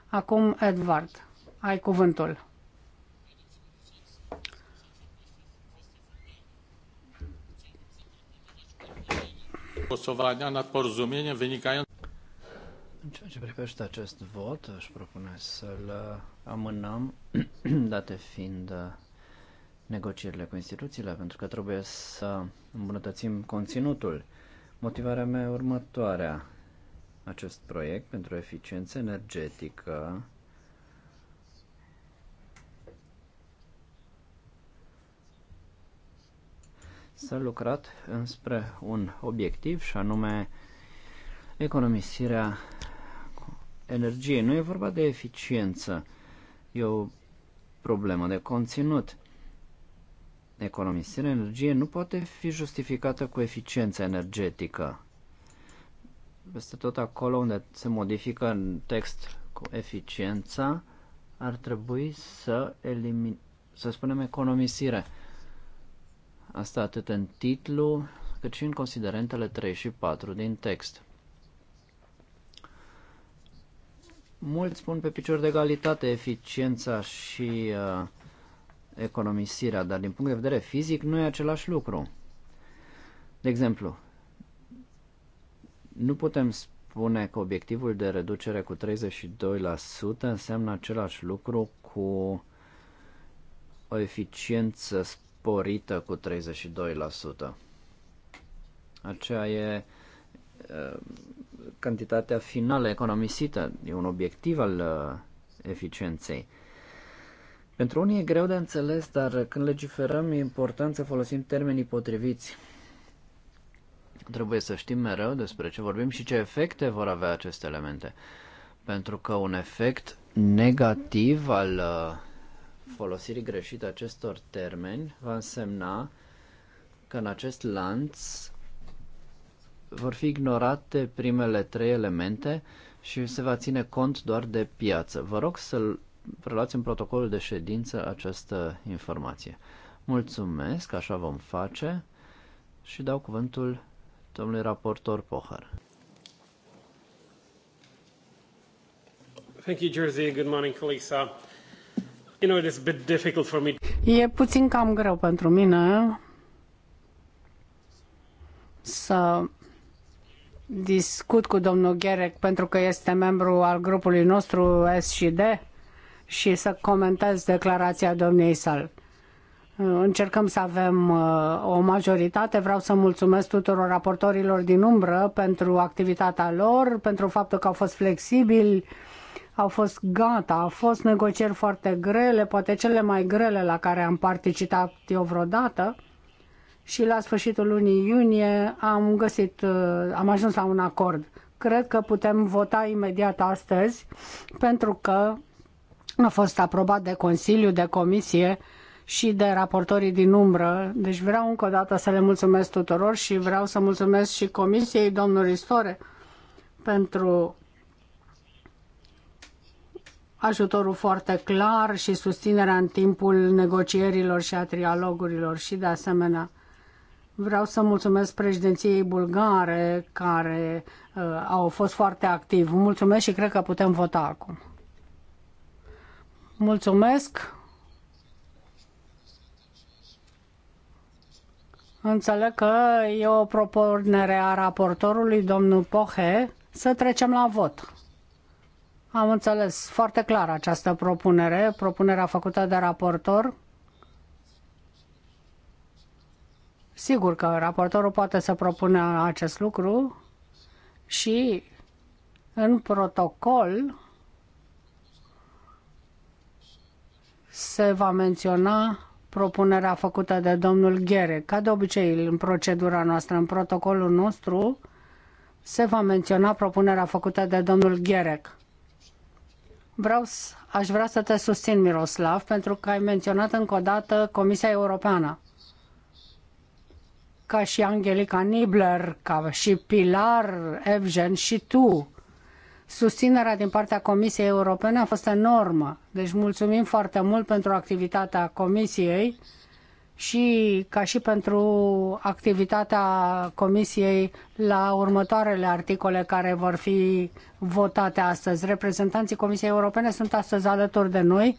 acum, Edward, ai cuvântul. Głosowania nad porozumieniem wynikają... În ceea ce privește acest vot, aș propune să-l amânăm, date fiind negocierile cu instituțiile, pentru că trebuie să îmbunătățim conținutul. Motivarea mea e următoarea. Acest proiect pentru eficiență energetică s-a lucrat înspre un obiectiv și anume economisirea energiei. Nu e vorba de eficiență, e o problemă de conținut. Economisirea energiei nu poate fi justificată cu eficiență energetică. Peste tot acolo unde se modifică în text cu eficiența, ar trebui să, elimin- să spunem economisire. Asta atât în titlu, cât și în considerentele 3 și 4 din text. Mulți spun pe picior de egalitate eficiența și uh, economisirea, dar din punct de vedere fizic nu e același lucru. De exemplu, nu putem spune că obiectivul de reducere cu 32% înseamnă același lucru cu o eficiență sporită cu 32%. Aceea e uh, cantitatea finală economisită, e un obiectiv al uh, eficienței. Pentru unii e greu de înțeles, dar când legiferăm e important să folosim termenii potriviți. Trebuie să știm mereu despre ce vorbim și ce efecte vor avea aceste elemente. Pentru că un efect negativ al uh, folosirii greșite acestor termeni va însemna că în acest lanț vor fi ignorate primele trei elemente și se va ține cont doar de piață. Vă rog să preluați în protocolul de ședință această informație. Mulțumesc, așa vom face și dau cuvântul domnului raportor Pohar. Thank you, Jersey. Good morning, Kalisa. E puțin cam greu pentru mine să discut cu domnul Gherec pentru că este membru al grupului nostru S și D și să comentez declarația domniei sale. Încercăm să avem uh, o majoritate. Vreau să mulțumesc tuturor raportorilor din umbră pentru activitatea lor, pentru faptul că au fost flexibili au fost gata, au fost negocieri foarte grele, poate cele mai grele la care am participat eu vreodată și la sfârșitul lunii iunie am găsit, uh, am ajuns la un acord. Cred că putem vota imediat astăzi pentru că a fost aprobat de Consiliu, de Comisie și de raportorii din umbră. Deci vreau încă o dată să le mulțumesc tuturor și vreau să mulțumesc și Comisiei, domnului Store, pentru ajutorul foarte clar și susținerea în timpul negocierilor și a trialogurilor și de asemenea vreau să mulțumesc președinției bulgare care uh, au fost foarte activ. Mulțumesc și cred că putem vota acum. Mulțumesc. Înțeleg că e o propunere a raportorului, domnul Pohe, să trecem la vot. Am înțeles foarte clar această propunere, propunerea făcută de raportor. Sigur că raportorul poate să propună acest lucru și în protocol se va menționa propunerea făcută de domnul Ghere. Ca de obicei, în procedura noastră, în protocolul nostru, se va menționa propunerea făcută de domnul Gherec. Vreau, aș vrea să te susțin, Miroslav, pentru că ai menționat încă o dată Comisia Europeană. Ca și Angelica Nibler, ca și Pilar Evgen și tu, susținerea din partea Comisiei Europene a fost enormă. Deci mulțumim foarte mult pentru activitatea Comisiei și ca și pentru activitatea Comisiei la următoarele articole care vor fi votate astăzi. Reprezentanții Comisiei Europene sunt astăzi alături de noi,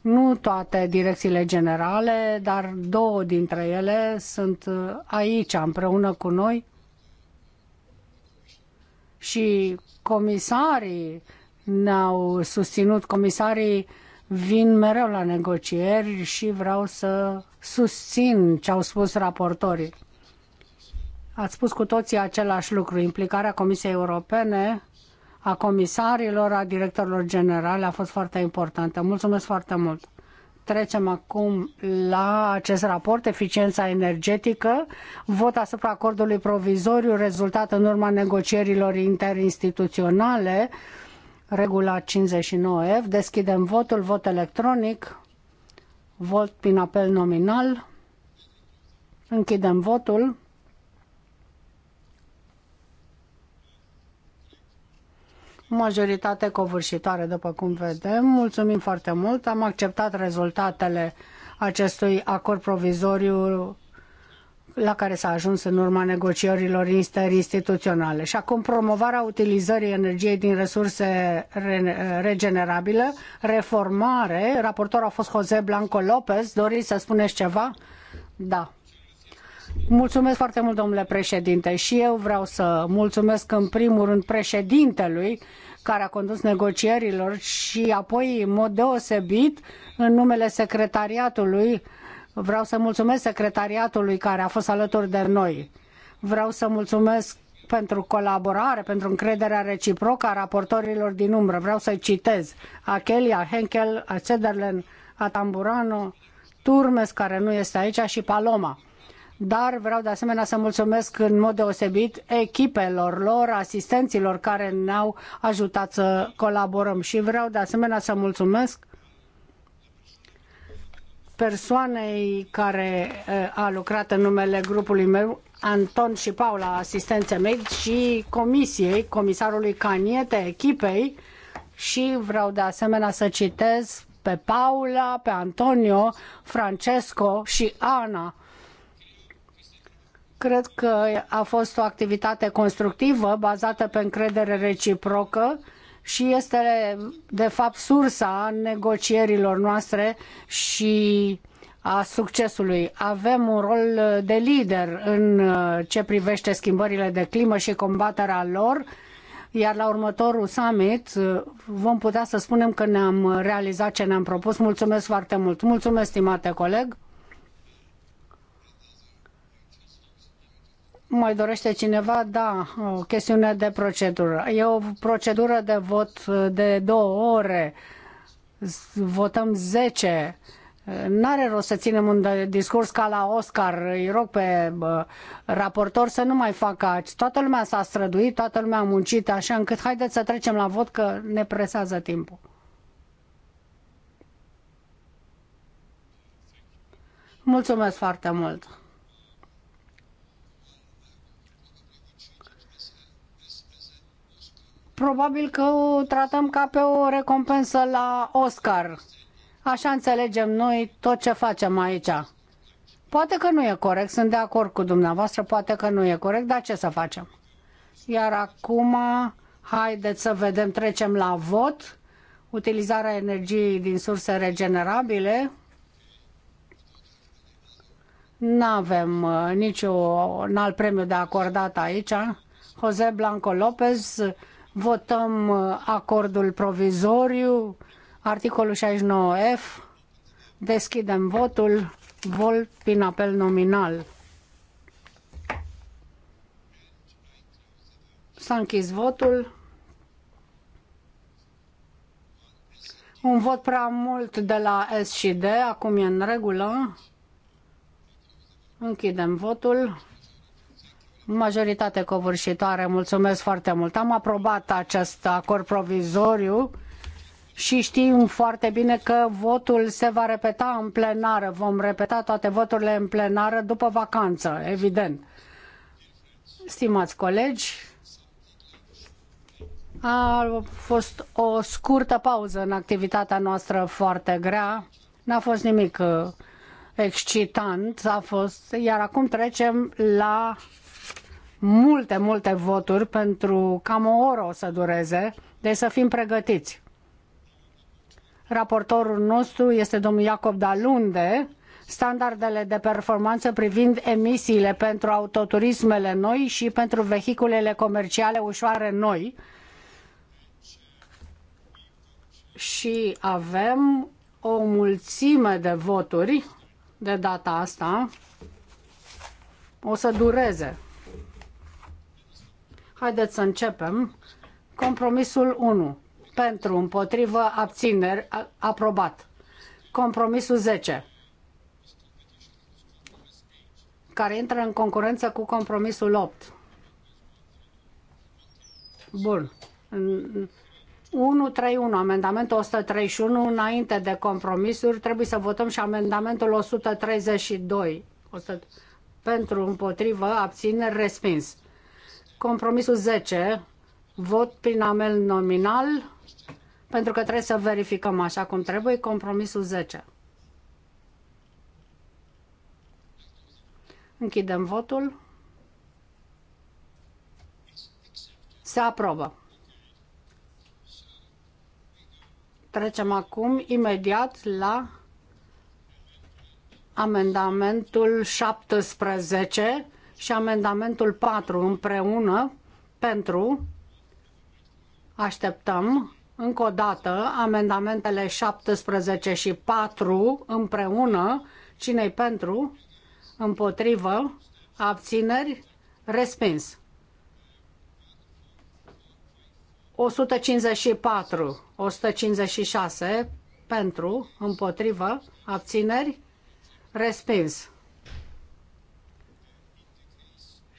nu toate direcțiile generale, dar două dintre ele sunt aici împreună cu noi și comisarii ne-au susținut, comisarii uh, vin mereu la negocieri și vreau să susțin ce au spus raportorii. Ați spus cu toții același lucru, implicarea Comisiei Europene, a comisarilor, a directorilor generale a fost foarte importantă. Mulțumesc foarte mult! Trecem acum la acest raport, eficiența energetică, vot asupra acordului provizoriu rezultat în urma negocierilor interinstituționale regula 59F. Deschidem votul, vot electronic, vot prin apel nominal. Închidem votul. Majoritate covârșitoare, după cum vedem. Mulțumim foarte mult. Am acceptat rezultatele acestui acord provizoriu la care s-a ajuns în urma negocierilor interinstituționale. Și acum promovarea utilizării energiei din resurse re regenerabile, reformare, raportorul a fost Jose Blanco López doriți să spuneți ceva? Da. Mulțumesc foarte mult, domnule președinte, și eu vreau să mulțumesc în primul rând președintelui care a condus negocierilor și apoi, în mod deosebit, în numele secretariatului Vreau să mulțumesc secretariatului care a fost alături de noi. Vreau să mulțumesc pentru colaborare, pentru încrederea reciprocă a raportorilor din umbră. Vreau să-i citez. Achelia, Henkel, Cederlen, Atamburano, Turmes, care nu este aici, și Paloma. Dar vreau de asemenea să mulțumesc în mod deosebit echipelor lor, asistenților care ne-au ajutat să colaborăm și vreau de asemenea să mulțumesc persoanei care eh, a lucrat în numele grupului meu, Anton și Paula, asistențe mei, și comisiei, comisarului Caniete, echipei, și vreau de asemenea să citez pe Paula, pe Antonio, Francesco și Ana. Cred că a fost o activitate constructivă bazată pe încredere reciprocă și este de fapt sursa negocierilor noastre și a succesului. Avem un rol de lider în uh, ce privește schimbările de climă și combaterea lor, iar la următorul summit uh, vom putea să spunem că ne-am realizat ce ne-am propus. Mulțumesc foarte mult! Mulțumesc, stimate coleg! Mai dorește cineva? Da, o chestiune de procedură. E o procedură de vot de două ore. Votăm 10. N-are rost să ținem un discurs ca la Oscar. Îi rog pe raportor să nu mai facă aici. Toată lumea s-a străduit, toată lumea a muncit, așa încât haideți să trecem la vot că ne presează timpul. Mulțumesc foarte mult! probabil că o tratăm ca pe o recompensă la Oscar. Așa înțelegem noi tot ce facem aici. Poate că nu e corect, sunt de acord cu dumneavoastră, poate că nu e corect, dar ce să facem? Iar acum, haideți să vedem, trecem la vot. Utilizarea energiei din surse regenerabile. Nu avem uh, niciun alt premiu de acordat aici. Jose Blanco Lopez, Votăm uh, acordul provizoriu, articolul 69F. Deschidem votul, vol prin apel nominal. S-a închis votul. Un vot prea mult de la S și D, acum e în regulă. Închidem votul majoritate covârșitoare. Mulțumesc foarte mult. Am aprobat acest acord provizoriu și știm foarte bine că votul se va repeta în plenară. Vom repeta toate voturile în plenară după vacanță, evident. Stimați colegi, a fost o scurtă pauză în activitatea noastră foarte grea. N-a fost nimic uh, excitant, a fost... iar acum trecem la multe, multe voturi pentru cam o oră o să dureze, deci să fim pregătiți. Raportorul nostru este domnul Iacob Dalunde, standardele de performanță privind emisiile pentru autoturismele noi și pentru vehiculele comerciale ușoare noi. Și avem o mulțime de voturi de data asta. O să dureze. Haideți să începem. Compromisul 1. Pentru, împotrivă, abțineri, aprobat. Compromisul 10. Care intră în concurență cu compromisul 8. Bun. 131, amendamentul 131 înainte de compromisuri, trebuie să votăm și amendamentul 132. 100, pentru, împotrivă, abțineri, respins. Compromisul 10, vot prin amel nominal, pentru că trebuie să verificăm așa cum trebuie, compromisul 10. Închidem votul. Se aprobă. Trecem acum imediat la amendamentul 17 și amendamentul 4 împreună pentru așteptăm încă o dată amendamentele 17 și 4 împreună cine pentru împotrivă abțineri respins 154 156 pentru împotrivă abțineri respins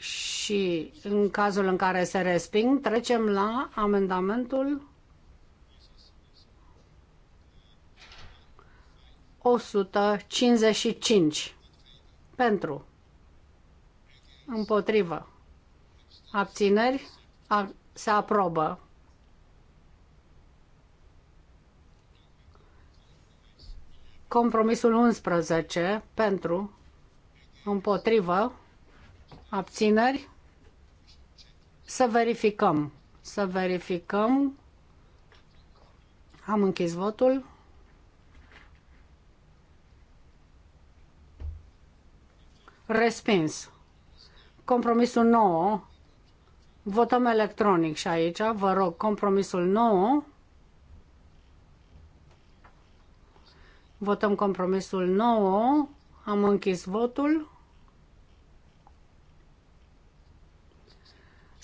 Și în cazul în care se resping, trecem la amendamentul 155 pentru împotrivă abțineri a, se aprobă compromisul 11 pentru împotrivă Abțineri? Să verificăm. Să verificăm. Am închis votul. Respins. Compromisul 9. Votăm electronic și aici. Vă rog, compromisul 9. Votăm compromisul 9. Am închis votul.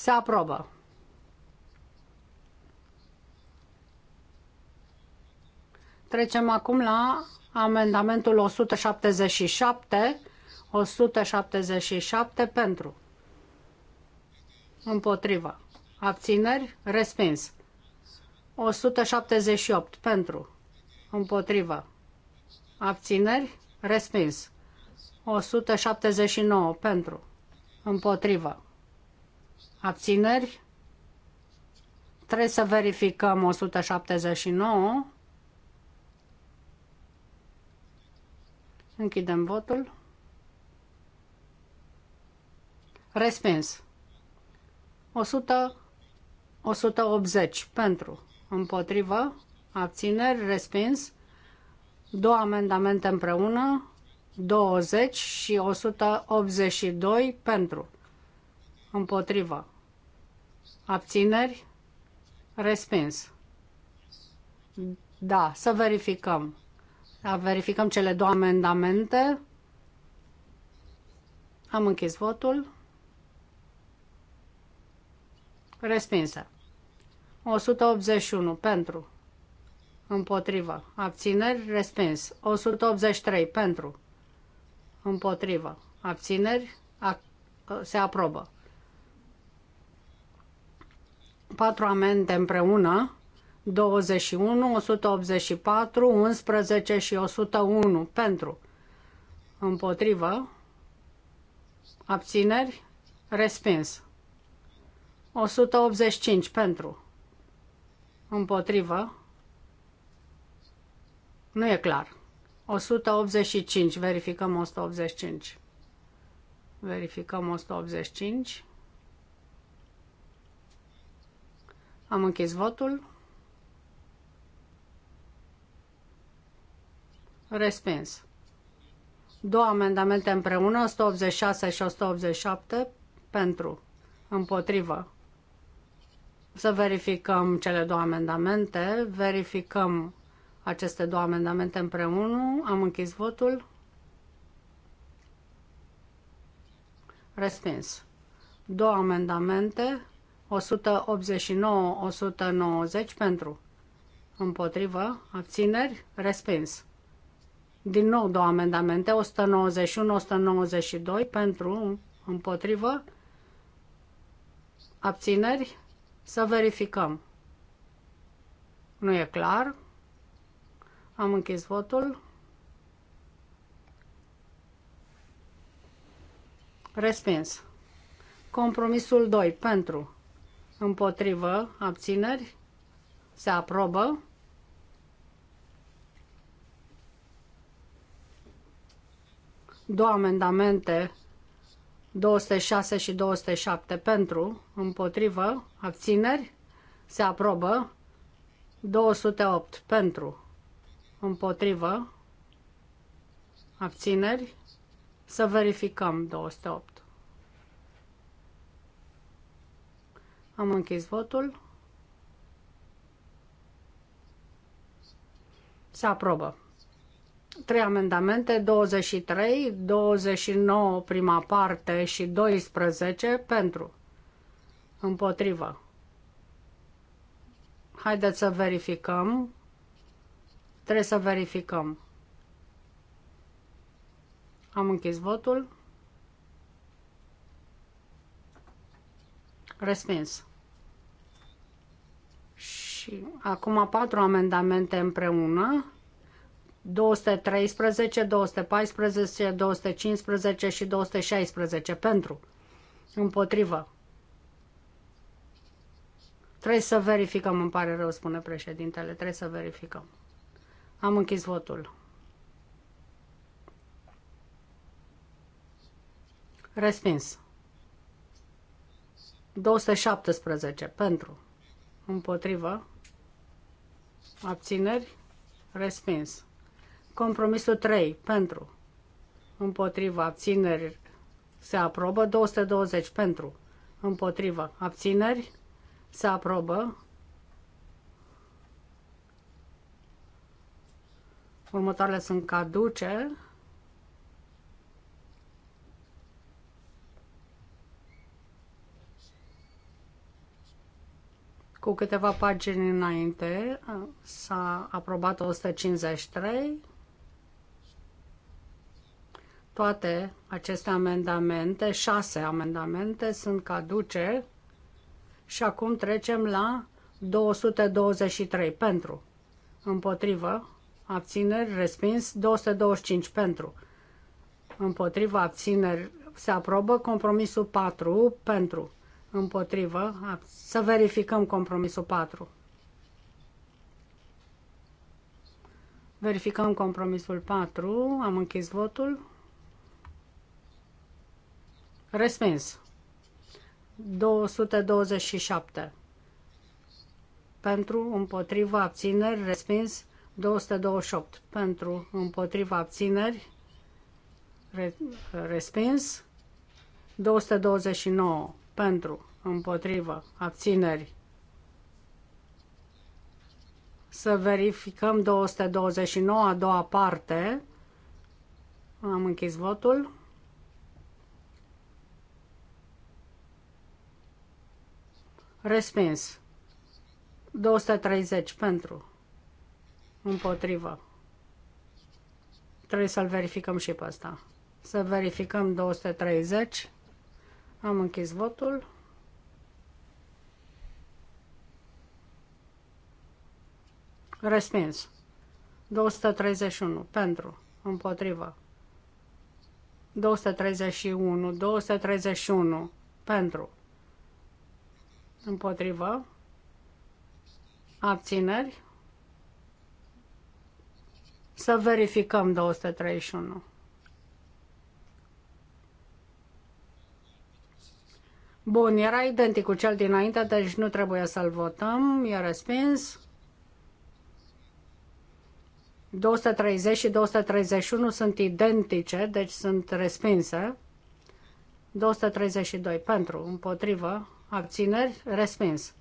Se aprobă. Trecem acum la amendamentul 177. 177 pentru. Împotrivă. Abțineri? Respins. 178 pentru. Împotrivă. Abțineri? Respins. 179 pentru. Împotrivă. Abțineri? Trebuie să verificăm 179. Închidem votul. Respins. 100, 180 pentru, împotrivă, abțineri, respins. Două amendamente împreună, 20 și 182 pentru, împotrivă, Abțineri? Respins. Da, să verificăm. Da, verificăm cele două amendamente. Am închis votul. Respinsă. 181 pentru. Împotrivă. Abțineri. Respins. 183 pentru. Împotrivă. Abțineri. se aprobă patru amende împreună, 21, 184, 11 și 101 pentru, împotrivă, abțineri, respins. 185 pentru, împotrivă, nu e clar. 185, verificăm 185. Verificăm 185. Am închis votul. Respins. Două amendamente împreună, 186 și 187, pentru, împotrivă. Să verificăm cele două amendamente, verificăm aceste două amendamente împreună, am închis votul. Respins. Două amendamente 189-190 pentru. Împotrivă, abțineri, respins. Din nou două amendamente, 191-192 pentru, împotrivă, abțineri, să verificăm. Nu e clar. Am închis votul. Respins. Compromisul 2 pentru Împotrivă. Abțineri. Se aprobă. Două amendamente 206 și 207 pentru, împotrivă, abțineri, se aprobă, 208 pentru, împotrivă, abțineri, să verificăm 208. Am închis votul. Se aprobă. Trei amendamente, 23, 29 prima parte și 12 pentru. Împotrivă. Haideți să verificăm. Trebuie să verificăm. Am închis votul. Respins. Și acum patru amendamente împreună. 213, 214, 215 și 216 pentru. Împotrivă. Trebuie să verificăm, îmi pare rău, spune președintele. Trebuie să verificăm. Am închis votul. Respins. 217 pentru, împotrivă, abțineri, respins. Compromisul 3 pentru, împotrivă, abțineri, se aprobă. 220 pentru, împotrivă, abțineri, se aprobă. Următoarele sunt caduce. Cu câteva pagini înainte s-a aprobat 153. Toate aceste amendamente, șase amendamente, sunt caduce și acum trecem la 223 pentru, împotrivă, abțineri, respins, 225 pentru, împotrivă, abțineri, se aprobă, compromisul 4 pentru, Împotrivă. Să verificăm compromisul 4. Verificăm compromisul 4. Am închis votul. Respins. 227. Pentru, împotriva, abțineri, respins. 228. Pentru, împotriva, abțineri, re, respins. 229 pentru, împotrivă, abțineri. Să verificăm 229, a doua parte. Am închis votul. Respins. 230 pentru. Împotrivă. Trebuie să-l verificăm și pe asta. Să verificăm 230. Am închis votul. Respins. 231 pentru, împotrivă. 231, 231 pentru, împotrivă. Abțineri. Să verificăm 231. Bun, era identic cu cel dinainte, deci nu trebuie să-l votăm. E respins. 230 și 231 sunt identice, deci sunt respinse. 232 pentru, împotrivă, abțineri, respins.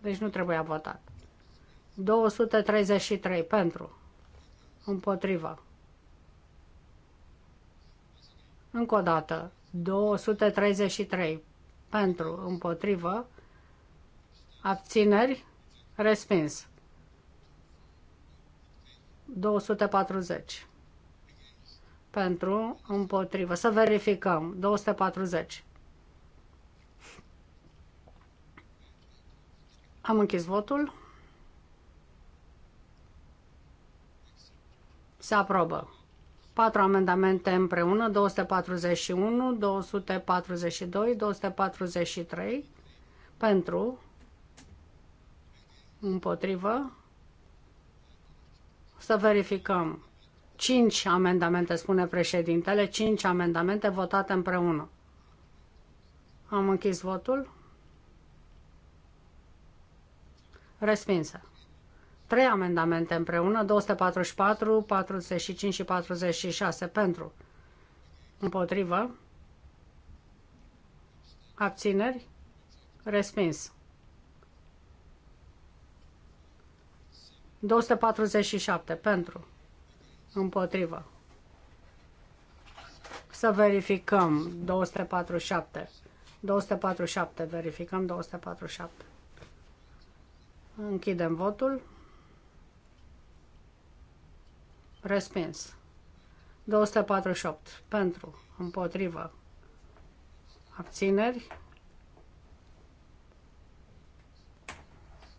Deci nu trebuia votat. 233 pentru, împotrivă, încă o dată, 233 pentru, împotrivă, abțineri, respins. 240 pentru, împotrivă. Să verificăm. 240. Am închis votul. Se aprobă patru amendamente împreună, 241, 242, 243, pentru, împotrivă, să verificăm. Cinci amendamente, spune președintele, cinci amendamente votate împreună. Am închis votul. Respinsă trei amendamente împreună, 244, 45 și 46 pentru. Împotrivă. Abțineri. Respins. 247 pentru. Împotrivă. Să verificăm 247. 247, verificăm 247. Închidem votul. Respins. 248. Pentru. Împotrivă. Abțineri.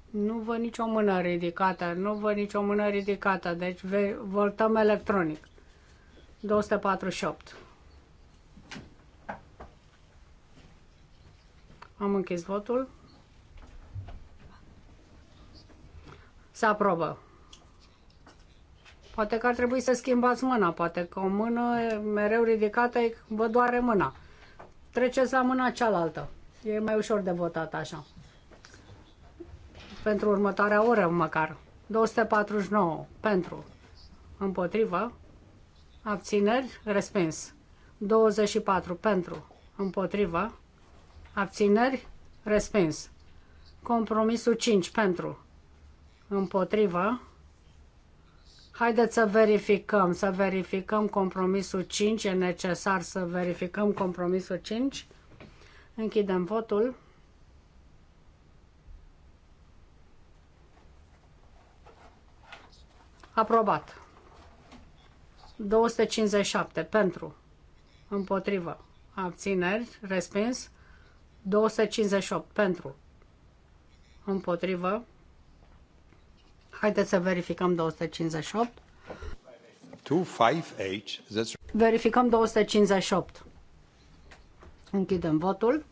Nu văd nicio mână ridicată. Nu văd nicio mână ridicată. Deci votăm electronic. 248. Am închis votul. Se aprobă. Poate că ar trebui să schimbați mâna, poate că o mână mereu ridicată vă doare mâna. Treceți la mâna cealaltă. E mai ușor de votat așa. Pentru următoarea oră măcar. 249 pentru. Împotrivă. Abțineri. Respins. 24 pentru. Împotrivă. Abțineri. Respins. Compromisul 5 pentru. Împotrivă. Haideți să verificăm, să verificăm compromisul 5, e necesar să verificăm compromisul 5. Închidem votul. Aprobat. 257 pentru, împotrivă, abțineri, respins. 258 pentru, împotrivă, Haideți să verificăm 258. 258. That's... Verificăm 258. Închidem votul.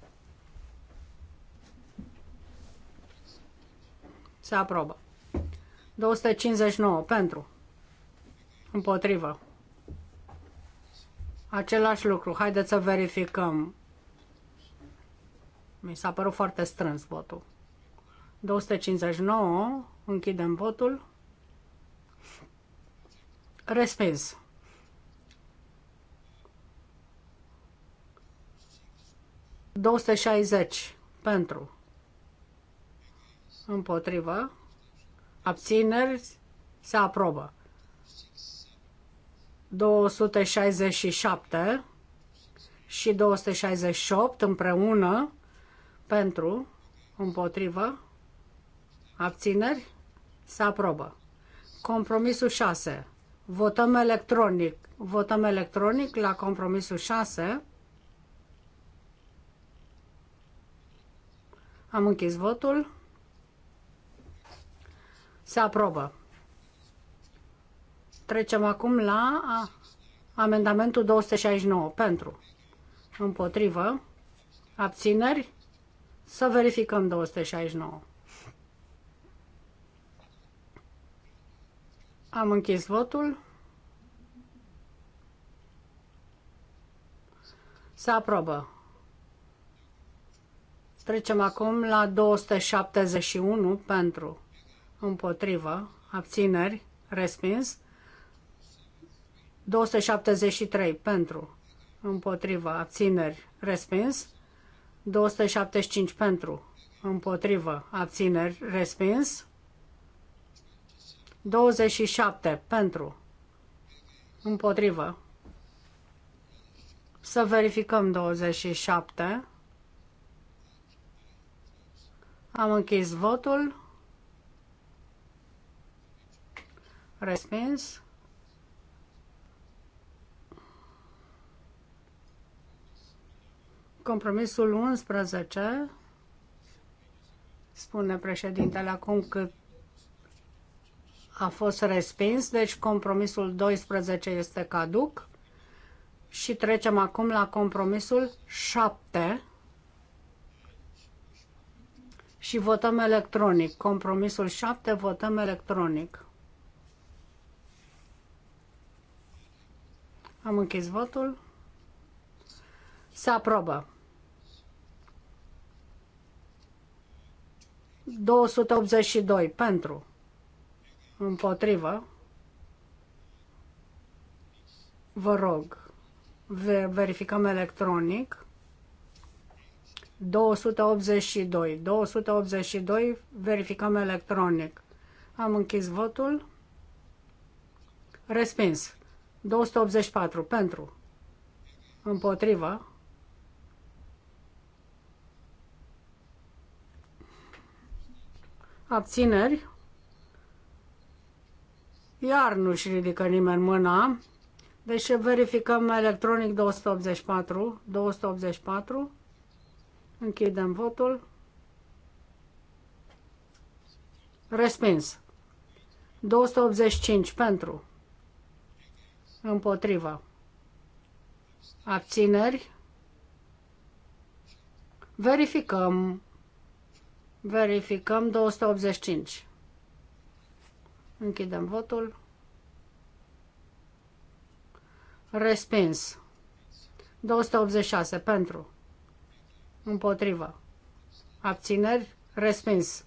Se aprobă. 259 pentru. Împotrivă. Același lucru. Haideți să verificăm. Mi s-a părut foarte strâns votul. 259 Închidem votul. Respins. Douăste șaizeci pentru. Împotrivă. Abțineri. Se aprobă. 267 și 268 împreună pentru, împotrivă, abțineri, se aprobă. Compromisul 6. Votăm electronic. Votăm electronic la compromisul 6. Am închis votul. Se aprobă. Trecem acum la amendamentul 269. Pentru. Împotrivă. Abțineri. Să verificăm 269. Am închis votul. Se aprobă. Trecem acum la 271 pentru, împotrivă, abțineri, respins. 273 pentru, împotrivă, abțineri, respins. 275 pentru, împotrivă, abțineri, respins. 27 pentru. Împotrivă. Să verificăm 27. Am închis votul. Respins. Compromisul 11, spune președintele acum cât a fost respins, deci compromisul 12 este caduc și trecem acum la compromisul 7 și votăm electronic. Compromisul 7 votăm electronic. Am închis votul. Se aprobă. 282 pentru. Împotrivă. Vă rog, verificăm electronic. 282. 282 verificăm electronic. Am închis votul. Respins. 284 pentru. Împotrivă. Abțineri. Iar nu-și ridică nimeni mâna. Deci verificăm electronic 284. 284. Închidem votul. Respins. 285 pentru. Împotrivă. Abțineri. Verificăm. Verificăm 285. Închidem votul. Respins. 286 pentru. Împotrivă. Abțineri. Respins.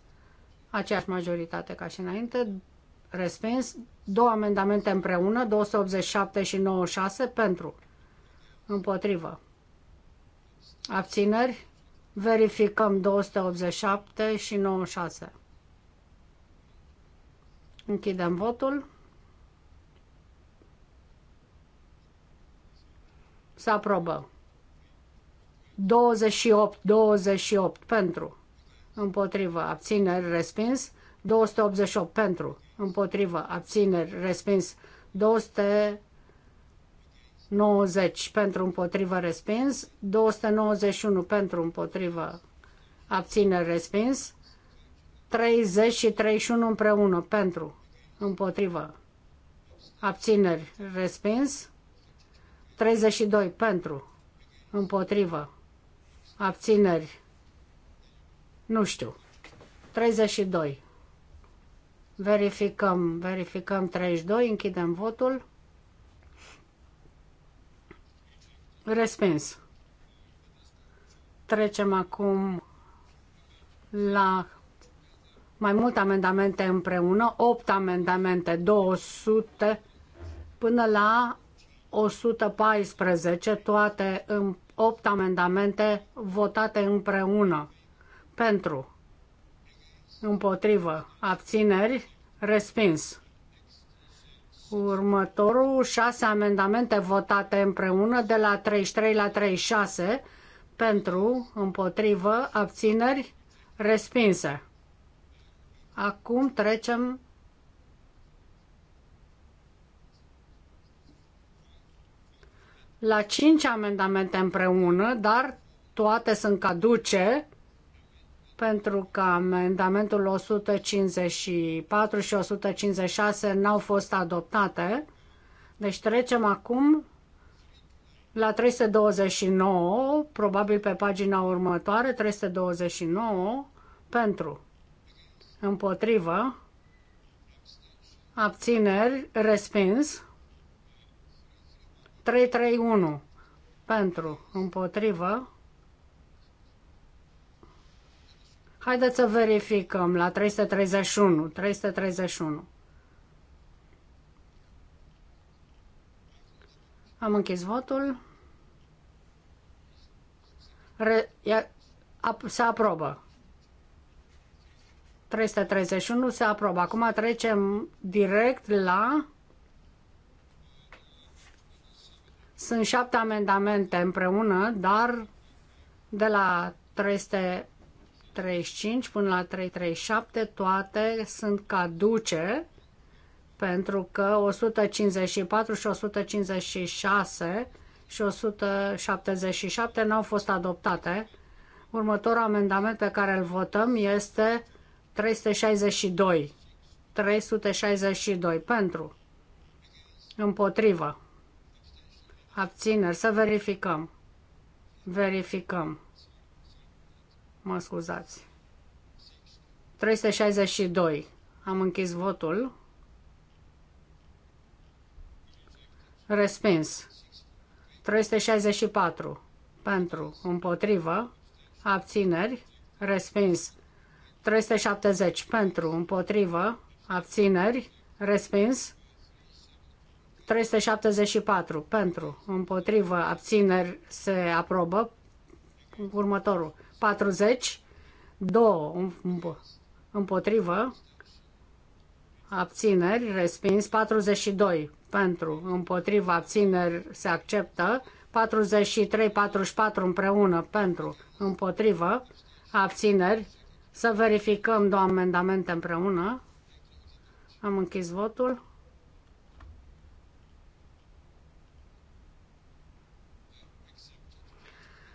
Aceeași majoritate ca și înainte. Respins. Două amendamente împreună, 287 și 96 pentru. Împotrivă. Abțineri. Verificăm 287 și 96. Închidem votul. să aprobă. 28, 28 pentru, împotrivă, abțineri, respins. 288 pentru, împotrivă, abțineri, respins. 290 pentru, împotrivă, respins. 291 pentru, împotrivă, abțineri, respins. 30 și 31 împreună. Pentru. Împotrivă. Abțineri. Respins. 32. Pentru. Împotrivă. Abțineri. Nu știu. 32. Verificăm. Verificăm 32. Închidem votul. Respins. Trecem acum la mai multe amendamente împreună, 8 amendamente, 200 până la 114, toate în 8 amendamente votate împreună. Pentru, împotrivă, abțineri, respins. Următorul, 6 amendamente votate împreună de la 33 la 36, pentru, împotrivă, abțineri, respinse. Acum trecem la cinci amendamente împreună, dar toate sunt caduce pentru că amendamentul 154 și 156 n-au fost adoptate. Deci trecem acum la 329, probabil pe pagina următoare, 329 pentru împotrivă, abțineri, respins, 331 pentru, împotrivă. Haideți să verificăm la 331, 331. Am închis votul. Re, ia, se aprobă. 331 se aprobă. Acum trecem direct la... Sunt șapte amendamente împreună, dar de la 335 până la 337 toate sunt caduce pentru că 154 și 156 și 177 n-au fost adoptate. Următorul amendament pe care îl votăm este 362. 362. Pentru. Împotrivă. Abțineri. Să verificăm. Verificăm. Mă scuzați. 362. Am închis votul. Respins. 364. Pentru. Împotrivă. Abțineri. Respins. 370 pentru, împotrivă, abțineri, respins. 374 pentru, împotrivă, abțineri, se aprobă. Următorul, 40, 2 împotrivă, abțineri, respins. 42 pentru, împotrivă, abțineri, se acceptă. 43-44 împreună pentru, împotrivă, abțineri, să verificăm două amendamente împreună. Am închis votul.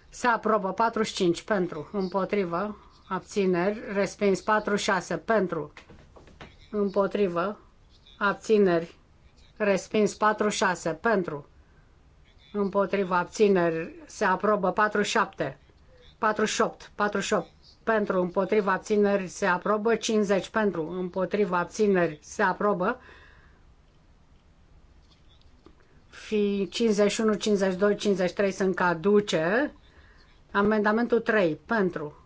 Se aprobă 45 pentru, împotrivă, abțineri, respins 46 pentru, împotrivă, abțineri, respins 46 pentru, împotrivă, abțineri, se aprobă 47, 48, 48 pentru, împotriva abțineri se aprobă, 50 pentru, împotriva abțineri se aprobă, fi 51, 52, 53 sunt caduce, amendamentul 3 pentru,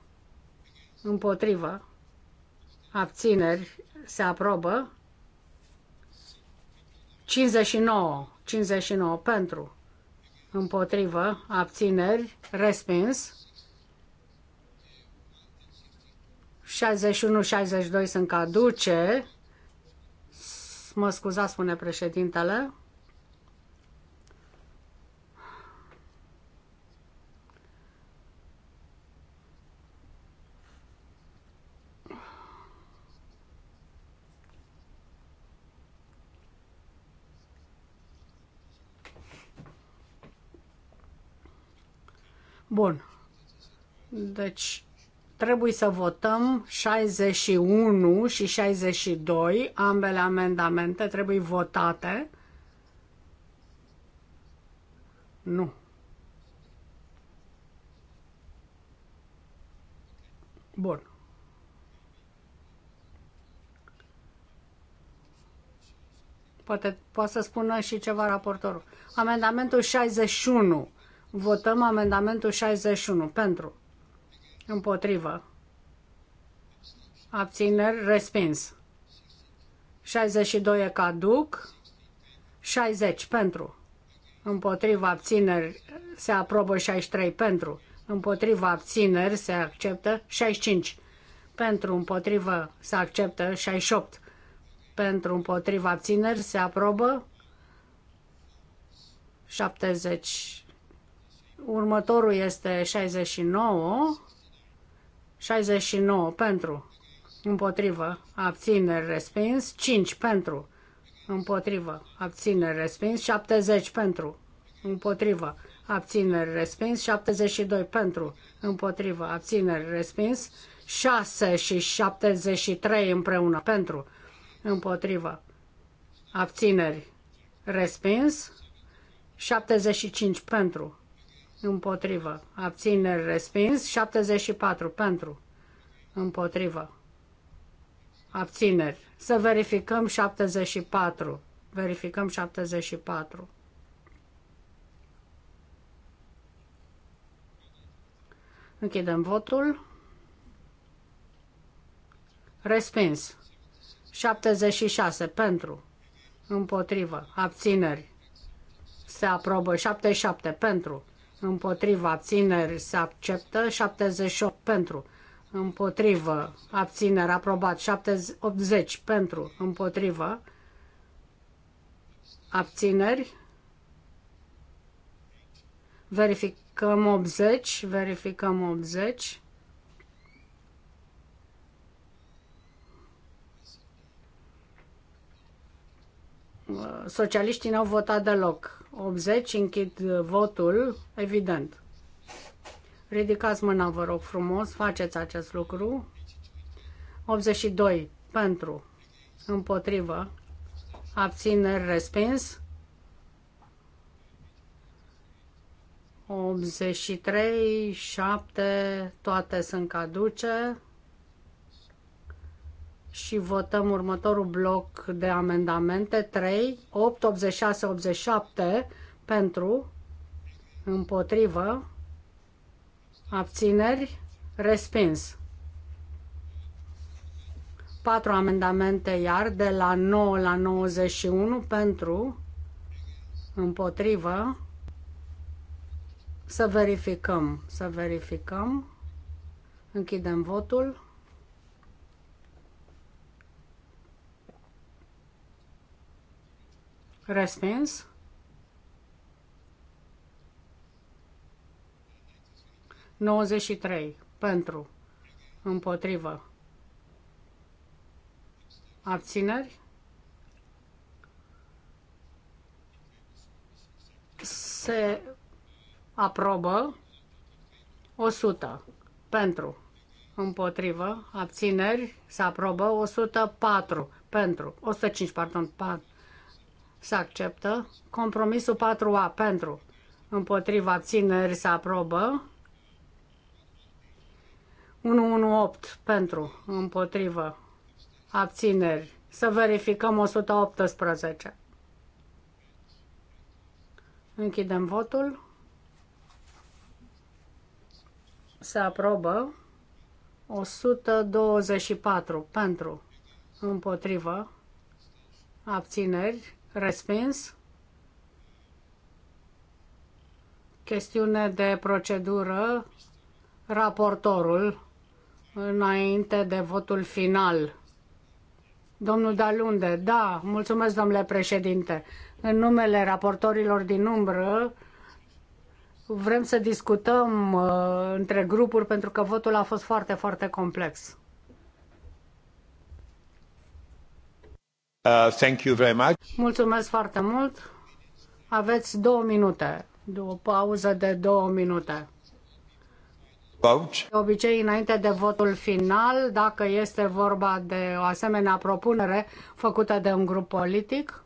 împotriva, abțineri se aprobă, 59, 59 pentru, împotrivă, abțineri, respins, 61-62 sunt caduce. Mă scuzați, spune președintele. Bun. Deci Trebuie să votăm 61 și 62, ambele amendamente trebuie votate. Nu. Bun. Poate poate să spună și ceva raportorul. Amendamentul 61. Votăm amendamentul 61. Pentru. Împotrivă. Abțineri. Respins. 62 e caduc. 60 pentru. Împotrivă abțineri se aprobă 63 pentru. Împotrivă abțineri se acceptă 65. Pentru împotrivă se acceptă 68. Pentru împotrivă abțineri se aprobă 70. Următorul este 69 69 pentru, împotrivă, abțineri respins, 5 pentru, împotrivă, abțineri respins, 70 pentru, împotrivă, abțineri respins, 72 pentru, împotrivă, abțineri respins, 6 și 73 împreună pentru, împotrivă, abțineri respins, 75 pentru, împotrivă, abțineri respins, 74 pentru, împotrivă, abțineri. Să verificăm 74, verificăm 74. Închidem votul. Respins. 76 pentru. Împotrivă. Abțineri. Se aprobă. 77 pentru împotriva abțineri se acceptă, 78 pentru, împotrivă, abțineri aprobat, 80 pentru, împotrivă, abțineri, verificăm 80, verificăm 80, Socialiștii n-au votat deloc. 80, închid votul, evident. Ridicați mâna, vă rog frumos, faceți acest lucru. 82, pentru, împotrivă, abțineri, respins. 83, 7, toate sunt caduce și votăm următorul bloc de amendamente 3, 8, 86, 87 pentru, împotrivă, abțineri, respins. Patru amendamente iar de la 9 la 91 pentru, împotrivă, să verificăm, să verificăm, închidem votul. Respins. Nouăzeci și trei. Pentru. Împotrivă. Abțineri. Se aprobă 100 pentru împotrivă, abțineri, se aprobă 104 pentru, 105, pardon, 4, se acceptă. Compromisul 4A pentru, împotriva abțineri se aprobă. 118 pentru, împotrivă, abțineri. Să verificăm 118. Închidem votul. Se aprobă 124 pentru, împotrivă, abțineri. Respins. Chestiune de procedură. Raportorul înainte de votul final. Domnul Dalunde, da, mulțumesc, domnule președinte. În numele raportorilor din umbră, vrem să discutăm uh, între grupuri pentru că votul a fost foarte, foarte complex. Uh, thank you very much. Mulțumesc foarte mult. Aveți două minute, o pauză de două minute. De obicei, înainte de votul final, dacă este vorba de o asemenea propunere făcută de un grup politic,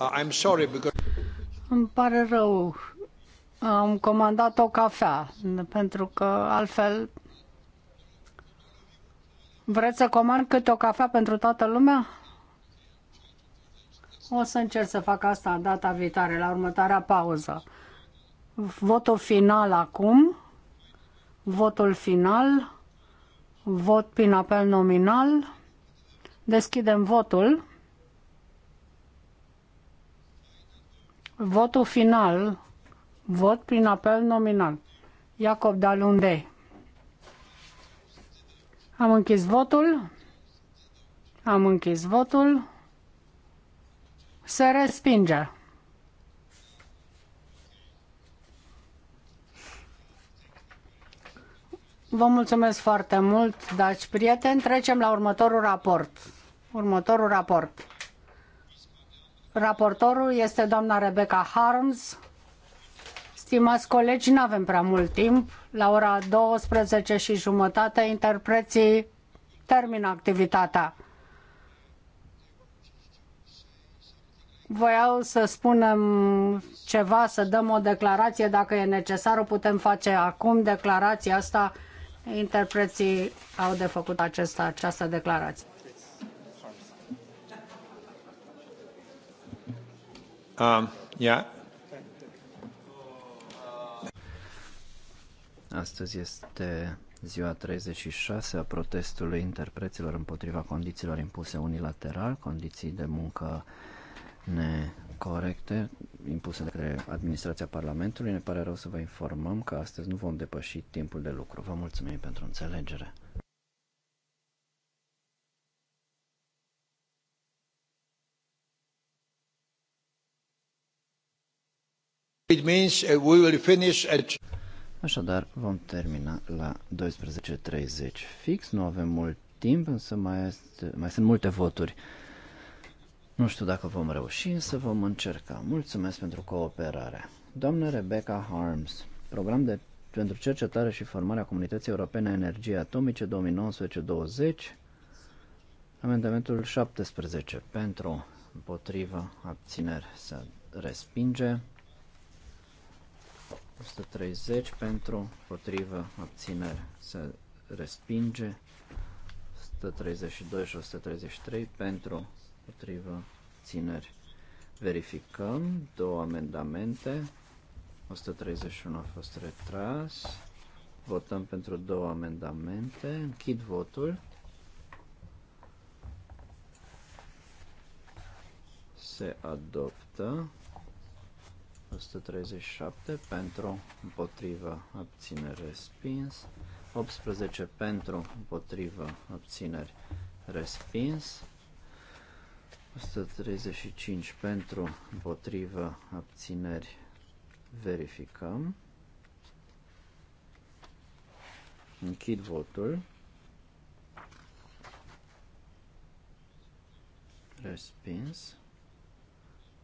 Uh, Îmi pare rău. Am comandat o cafea, pentru că altfel... Vreți să comand câte o cafea pentru toată lumea? O să încerc să fac asta data viitoare, la următoarea pauză. Votul final acum. Votul final. Vot prin apel nominal. Deschidem votul. Votul final, vot prin apel nominal. Iacob Dalunde. Am închis votul. Am închis votul. Se respinge. Vă mulțumesc foarte mult, dragi prieteni. Trecem la următorul raport. Următorul raport. Raportorul este doamna Rebecca Harms. Stimați colegi, nu avem prea mult timp. La ora 12 și jumătate, interpreții termină activitatea. Voiau să spunem ceva, să dăm o declarație, dacă e necesar, o putem face acum, declarația asta. Interpreții au de făcut acesta, această declarație. Um, astăzi este ziua 36 a protestului interpreților împotriva condițiilor impuse unilateral, condiții de muncă necorecte impuse de către administrația Parlamentului. Ne pare rău să vă informăm că astăzi nu vom depăși timpul de lucru. Vă mulțumim pentru înțelegere. Uh, Așadar, vom termina la 12.30 fix. Nu avem mult timp, însă mai, este, mai sunt multe voturi. Nu știu dacă vom reuși, însă vom încerca. Mulțumesc pentru cooperare. Doamna Rebecca Harms, program de, pentru cercetare și formarea Comunității Europene a Energiei Atomice 2019-20, amendamentul 17 pentru, împotrivă, abțineri se respinge. 130 pentru, potrivă, abținere. Se respinge. 132 și 133 pentru, potrivă, abținere. Verificăm două amendamente. 131 a fost retras. Votăm pentru două amendamente. Închid votul. Se adoptă. 137 pentru, împotrivă, abțineri, respins. 18 pentru, împotrivă, abțineri, respins. 135 pentru, împotrivă, abțineri, verificăm. Închid votul. Respins.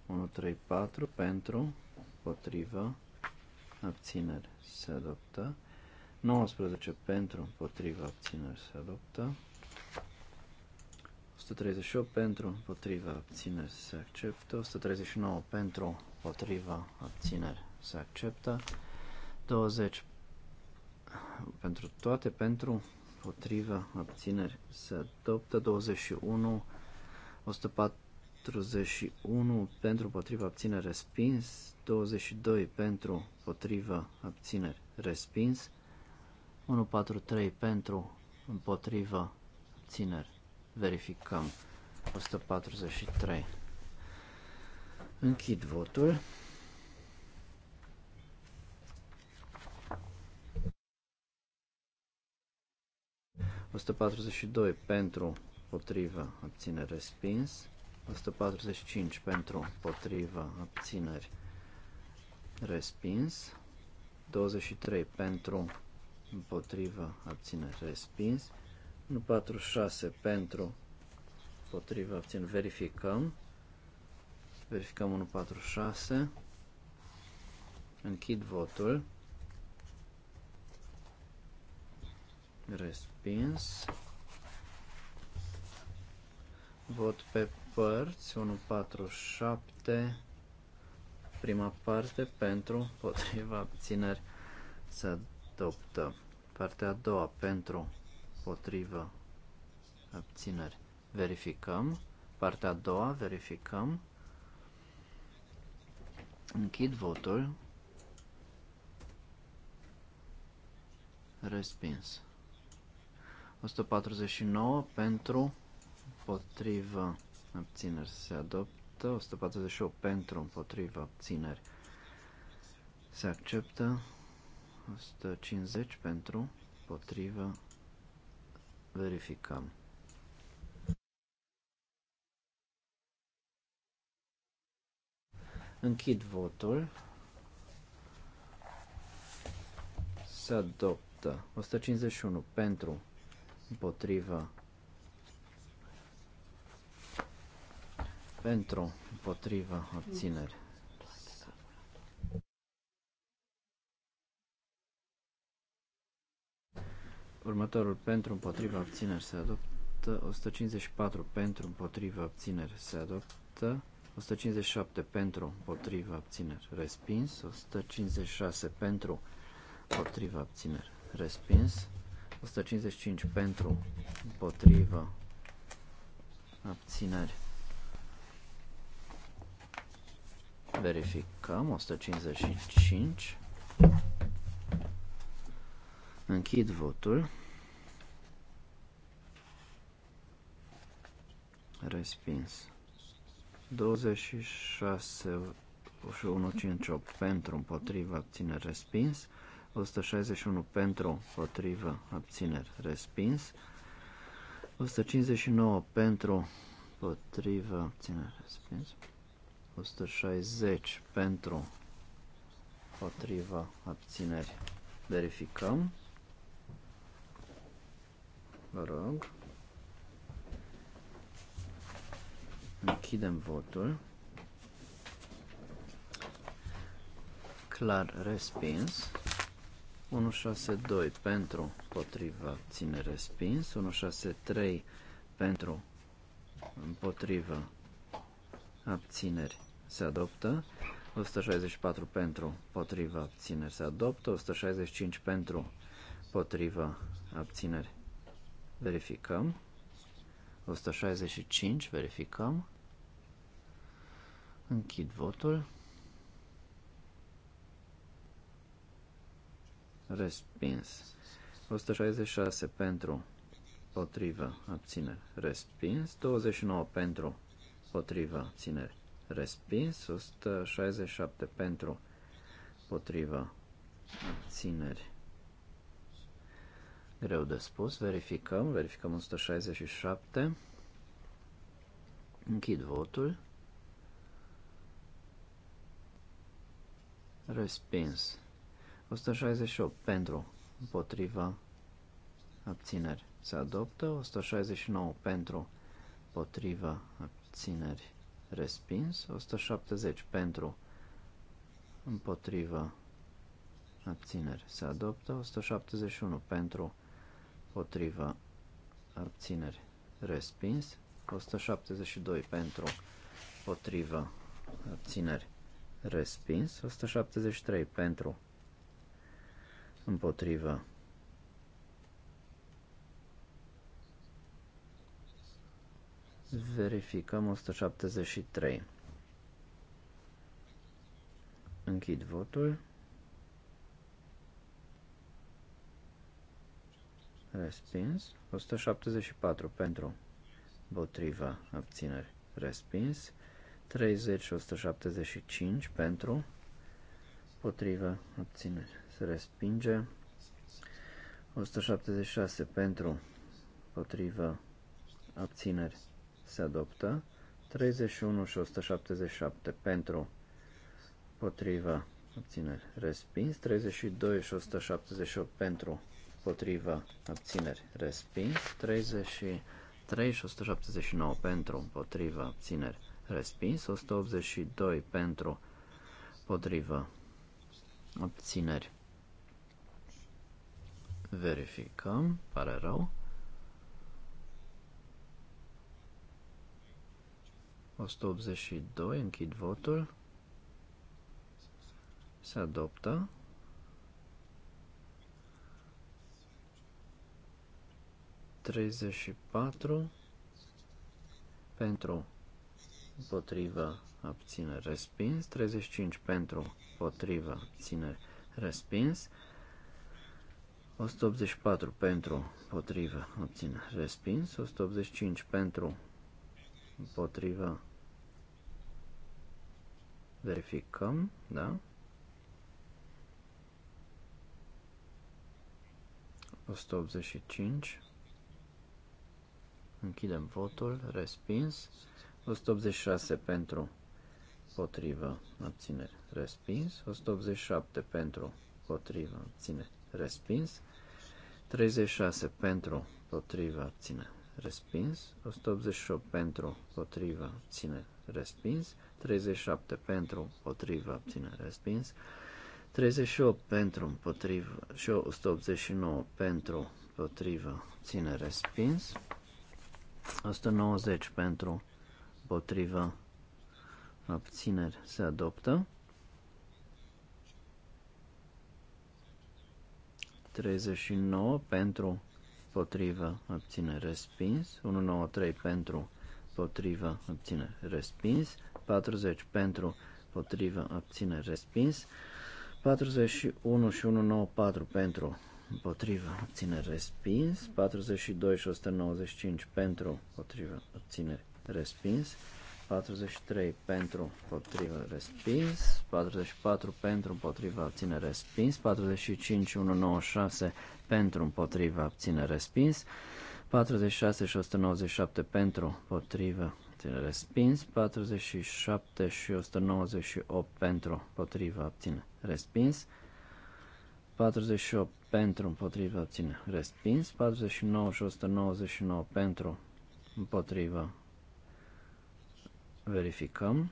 1, 3, 4 pentru, împotrivă, abțineri se adoptă, 19 pentru, împotrivă, abțineri se adoptă, 138 pentru, împotrivă, abțineri se acceptă, 139 pentru, împotrivă, abțineri se acceptă, 20 pentru toate, pentru, împotrivă, abțineri se adoptă, 21, 104 41 pentru potriva abțineri respins, 22 pentru potriva abțineri respins, 143 pentru împotriva abțineri. Verificăm. 143. Închid votul. ...142 pentru, potriva abține respins. 145 pentru, potrivă, abțineri, respins. 23 pentru, împotrivă, abțineri, respins. 146 pentru, împotrivă, abțineri, verificăm. Verificăm 146. Închid votul. Respins. Vot pe părți, 147, prima parte, pentru, potriva, abțineri, se adoptă. Partea a doua, pentru, potriva, abțineri. Verificăm. Partea a doua, verificăm. Închid votul. Respins. 149 pentru, potrivă, abțineri se adoptă, 148 pentru, împotriva, abțineri se acceptă, 150 pentru, împotriva, verificăm. Închid votul. Se adoptă 151 pentru, împotriva, pentru, împotriva, abțineri. Următorul pentru, împotriva, abțineri se adoptă. 154 pentru, împotriva, abțineri se adoptă. 157 pentru, împotriva, abțineri respins. 156 pentru, împotriva, abțineri respins. 155 pentru, împotriva, abțineri respins. Verificăm 155. Închid votul. Respins. 26 și 158 pentru, împotriva, abțineri, respins. 161 pentru, împotriva, abțineri, respins. 159 pentru, împotriva, abțineri, respins. 160 pentru, potriva, abțineri. Verificăm. Vă rog. Închidem votul. Clar respins. 162 pentru, potriva, ține respins. 163 pentru, împotriva, abțineri se adoptă, 164 pentru, potriva abțineri se adoptă, 165 pentru, potriva abțineri verificăm, 165 verificăm, închid votul, respins, 166 pentru, potrivă, abțineri, respins, 29 pentru, potrivă, abțineri, respins, 167 pentru, potriva, abțineri. Greu de spus, verificăm, verificăm 167, închid votul, respins, 168 pentru, împotriva, abțineri. Se adoptă, 169 pentru, potriva, abțineri respins, 170 pentru, împotrivă, abțineri se adoptă, 171 pentru, împotrivă, abțineri respins, 172 pentru, împotrivă, abțineri respins, 173 pentru, împotrivă, Verificăm 173. Închid votul. Respins. 174 pentru. Potriva. Abțineri. Respins. 30 175 pentru. Potriva. Abțineri. Se respinge. 176 pentru. Potriva. Abțineri se adoptă. 31 și 177 pentru, potriva, abțineri, respins. 32 și 178 pentru, potriva, abțineri, respins. 33 și 179 pentru, potriva, abțineri, respins. 182 pentru, potriva, abțineri. Verificăm, pare rău. 182, închid votul. Se adoptă. Treizeci și patru pentru potrivă abține respins, treizeci cinci pentru potrivă abține respins, 184 pentru potrivă abține respins, 185 pentru potrivă Verificăm, da? 185. Închidem votul, respins. 186 pentru, potrivă, abține, respins. 187 pentru, potrivă, abține, respins. 36 pentru, potrivă, abține, respins. 188 pentru, potrivă, abține, respins, 37 pentru, împotrivă, abține, respins, 38 pentru, împotrivă și 189 pentru, împotrivă, ține respins, 190 pentru, împotrivă, abțineri, se adoptă, 39 pentru, împotrivă, abține respins, 193 pentru, potrivă obține respins. 40 pentru, potrivă obține respins. 41 și 194 pentru, potrivă obține respins. 42 și 195 pentru, potrivă obține respins. 43 pentru, potrivă respins. 44 pentru, potrivă abține, respins. 45 196 pentru, împotriva, abține, respins. 46 și 197 pentru, potrivă, obține respins, 47 și 198 pentru, potrivă, obține respins, 48 pentru, împotrivă, obține respins, 49 și 199 pentru, împotrivă, verificăm,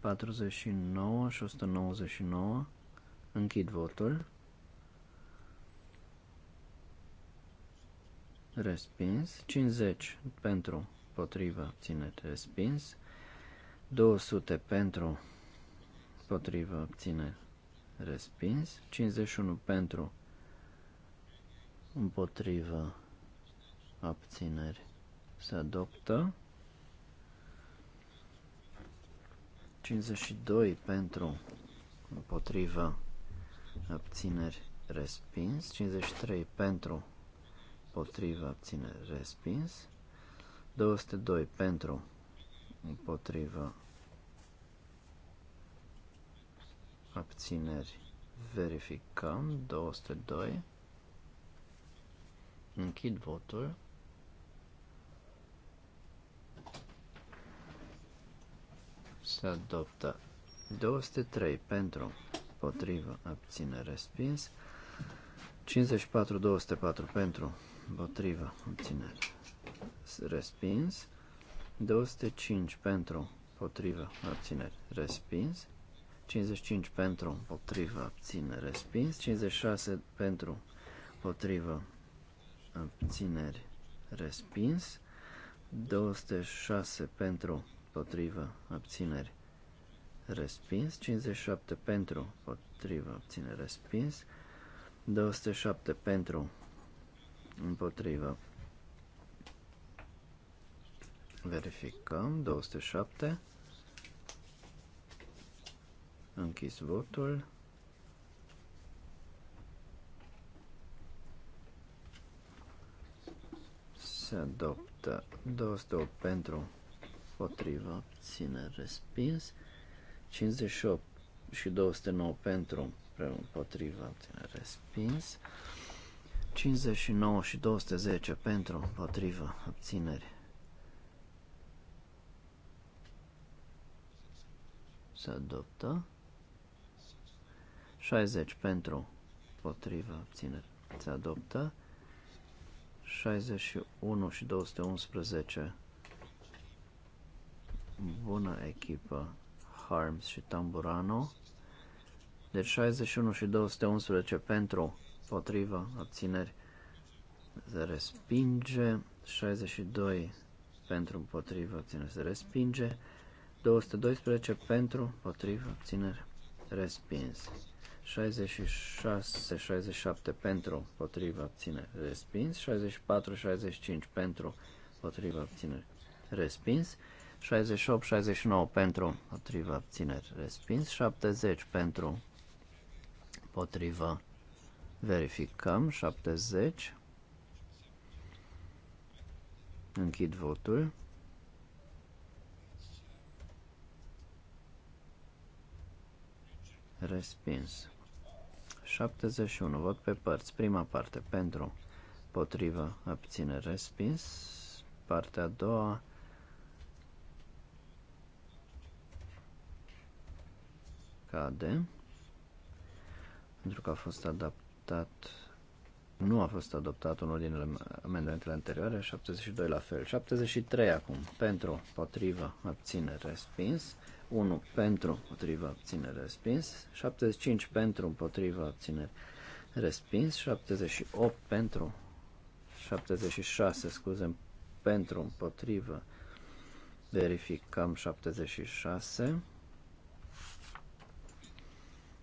49 și 199, închid votul, respins, 50 pentru, potrivă, abțineri, respins, 200 pentru, potrivă, obține respins, 51 pentru, împotrivă, abțineri, se adoptă, 52 pentru, împotrivă, abțineri, respins, 53 pentru, împotriva ține respins, 202 pentru împotriva abțineri verificăm, 202 închid votul se adoptă 203 pentru potrivă abține respins 54 204 pentru împotriva, abținere, respins. 205 pentru, împotriva, abținere, respins. 55 pentru, împotriva, abținere, respins. 56 pentru, împotriva, abțineri, respins. 206 pentru, împotriva, abțineri, respins. 57 pentru, împotriva, abțineri, respins. 207 pentru, împotrivă. Verificăm, 207. Închis votul. Se adoptă 208 pentru potrivă, ține respins. 58 și 209 pentru împotriva, ține respins. 59 și 210 pentru, împotrivă, abțineri. Se adoptă. 60 pentru, împotrivă, abțineri. Se adoptă. 61 și 211 bună echipă Harms și Tamburano deci 61 și 211 pentru Potrivă, abțineri, se respinge, 62 pentru, împotriva, abțineri, se respinge, 212 pentru, împotriva, abțineri, respins. 66, 67 pentru, împotriva, abțineri, respins, 64, 65 pentru, împotriva, abțineri, respins, 68, 69 pentru, împotriva, abțineri, respins, 70 pentru, împotriva, Verificăm. 70. Închid votul. Respins. 71. Vot pe părți. Prima parte pentru, potrivă, abține, respins. Partea a doua. Cade. Pentru că a fost adaptat adoptat, nu a fost adoptat unul din amendamentele anterioare, 72 la fel, 73 acum, pentru, potrivă, abținere, respins, 1 pentru, potrivă, abținere, respins, 75 pentru, potrivă, abținere, respins, 78 pentru, 76, scuze, pentru, potrivă, verificăm 76,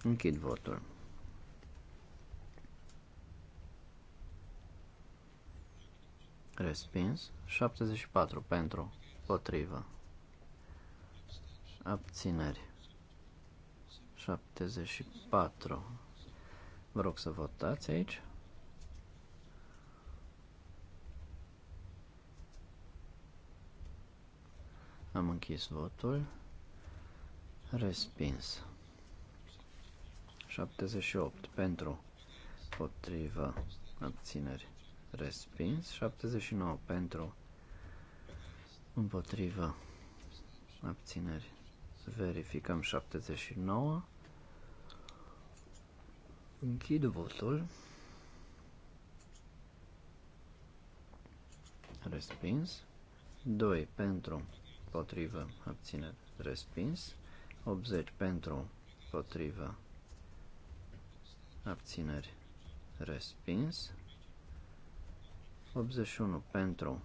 închid votul. respins, 74 pentru, potrivă, abțineri, 74, vă rog să votați aici. Am închis votul. Respins. 78 pentru, potrivă, abțineri, respins, 79 pentru, împotriva, abțineri. Verificăm 79. Închid votul. Respins. 2 pentru, potrivă, abțineri, respins. 80 pentru, potrivă, abțineri, respins. 81 pentru,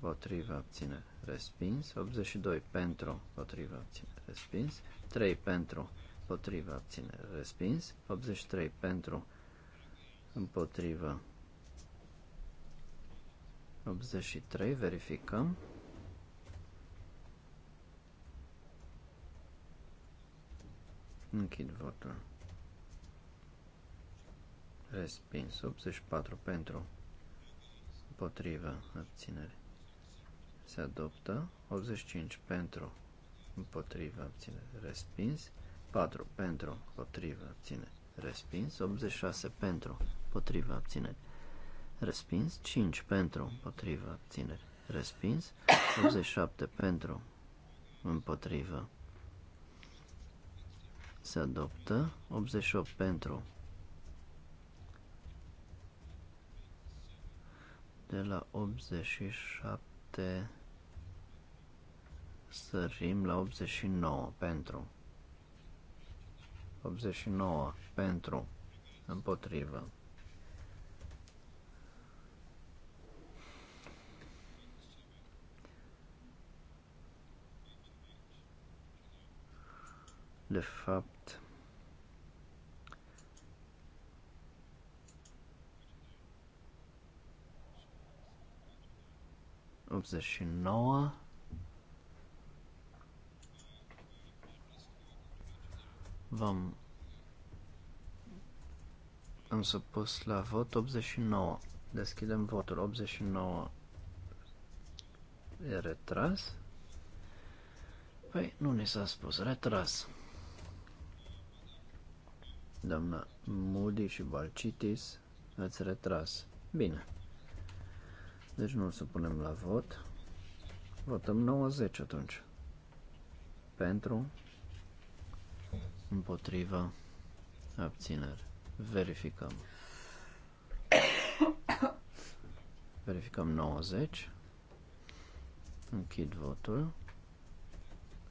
potrivă, abține, respins. 82 pentru, potrivă, abține, respins. 3 pentru, potrivă, abține, respins. 83 pentru, împotrivă, 83, verificăm. Închid votul. Respins. 84 pentru împotriva, abținere. Se adoptă 85 pentru, împotriva, abținere, respins. 4 pentru, împotriva, abținere, respins. 86 pentru, împotriva, abținere, respins. 5 pentru, împotriva, abținere, respins. 87 pentru, împotriva, se adoptă. 88 pentru, de la 87 sărim la 89 pentru 89 pentru împotrivă de fapt 89. V-am am pus la vot 89. Deschidem votul. 89 e retras. Păi nu ni s-a spus retras. Doamna Moody și Balcitis ați retras. Bine. Deci nu să punem la vot. Votăm 90 atunci. Pentru. Împotriva. Abțineri. Verificăm. Verificăm 90. Închid votul.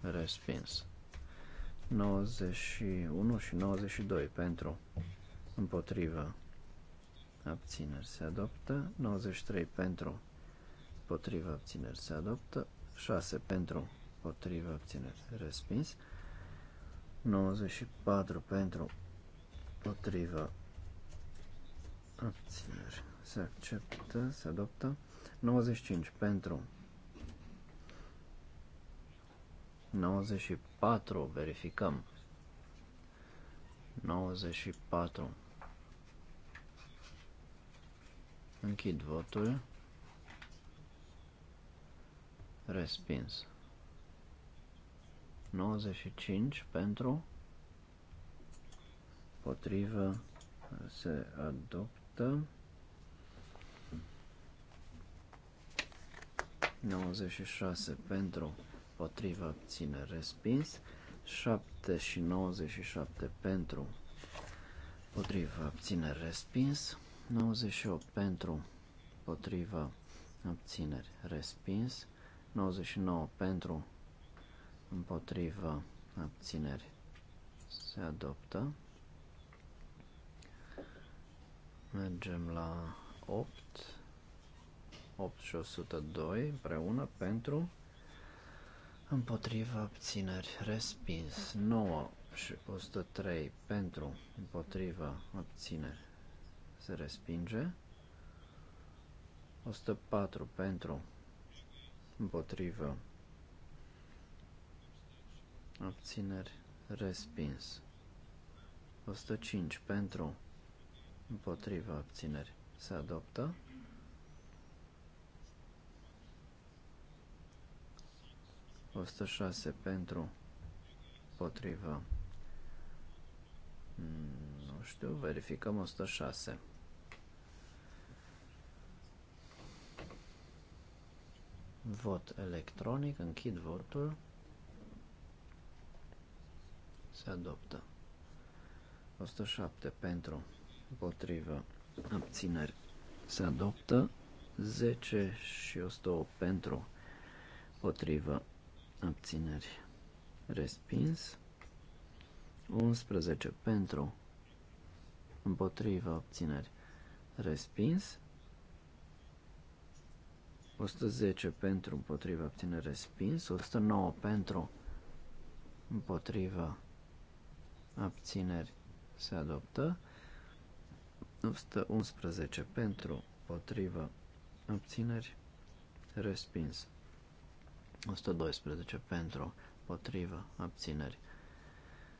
Respins. 91 și 92 pentru. Împotriva abțineri se adoptă, 93 pentru, potrivă abțineri se adoptă, 6 pentru, potrivă abțineri respins, 94 pentru, potrivă abțineri se acceptă, se adoptă, 95 pentru, 94 verificăm, 94 Închid votul. Respins. 95 pentru. Potrivă se adoptă. 96 pentru. Potrivă abține respins. 7 și 97 pentru. Potrivă abține respins. 98 pentru, potrivă, abțineri, respins. 99 pentru, împotrivă, abțineri, se adoptă. Mergem la 8, 8 și 102 împreună pentru, împotrivă, abțineri, respins. 9 și 103 pentru, împotrivă, abțineri, se respinge. 104 pentru, împotrivă, abțineri, respins. 105 pentru, împotrivă, abțineri, se adoptă. 106 pentru, împotrivă, mm, nu știu, verificăm 106. Vot electronic, închid votul. Se adoptă. 107 pentru, împotrivă, abțineri. Se adoptă. 10 și 108 pentru, împotrivă, abțineri. Respins. 11 pentru, împotrivă, abțineri. Respins. 110 pentru împotriva obține respins, 109 pentru împotriva abțineri se adoptă, 111 pentru împotriva abțineri respins, 112 pentru împotriva abțineri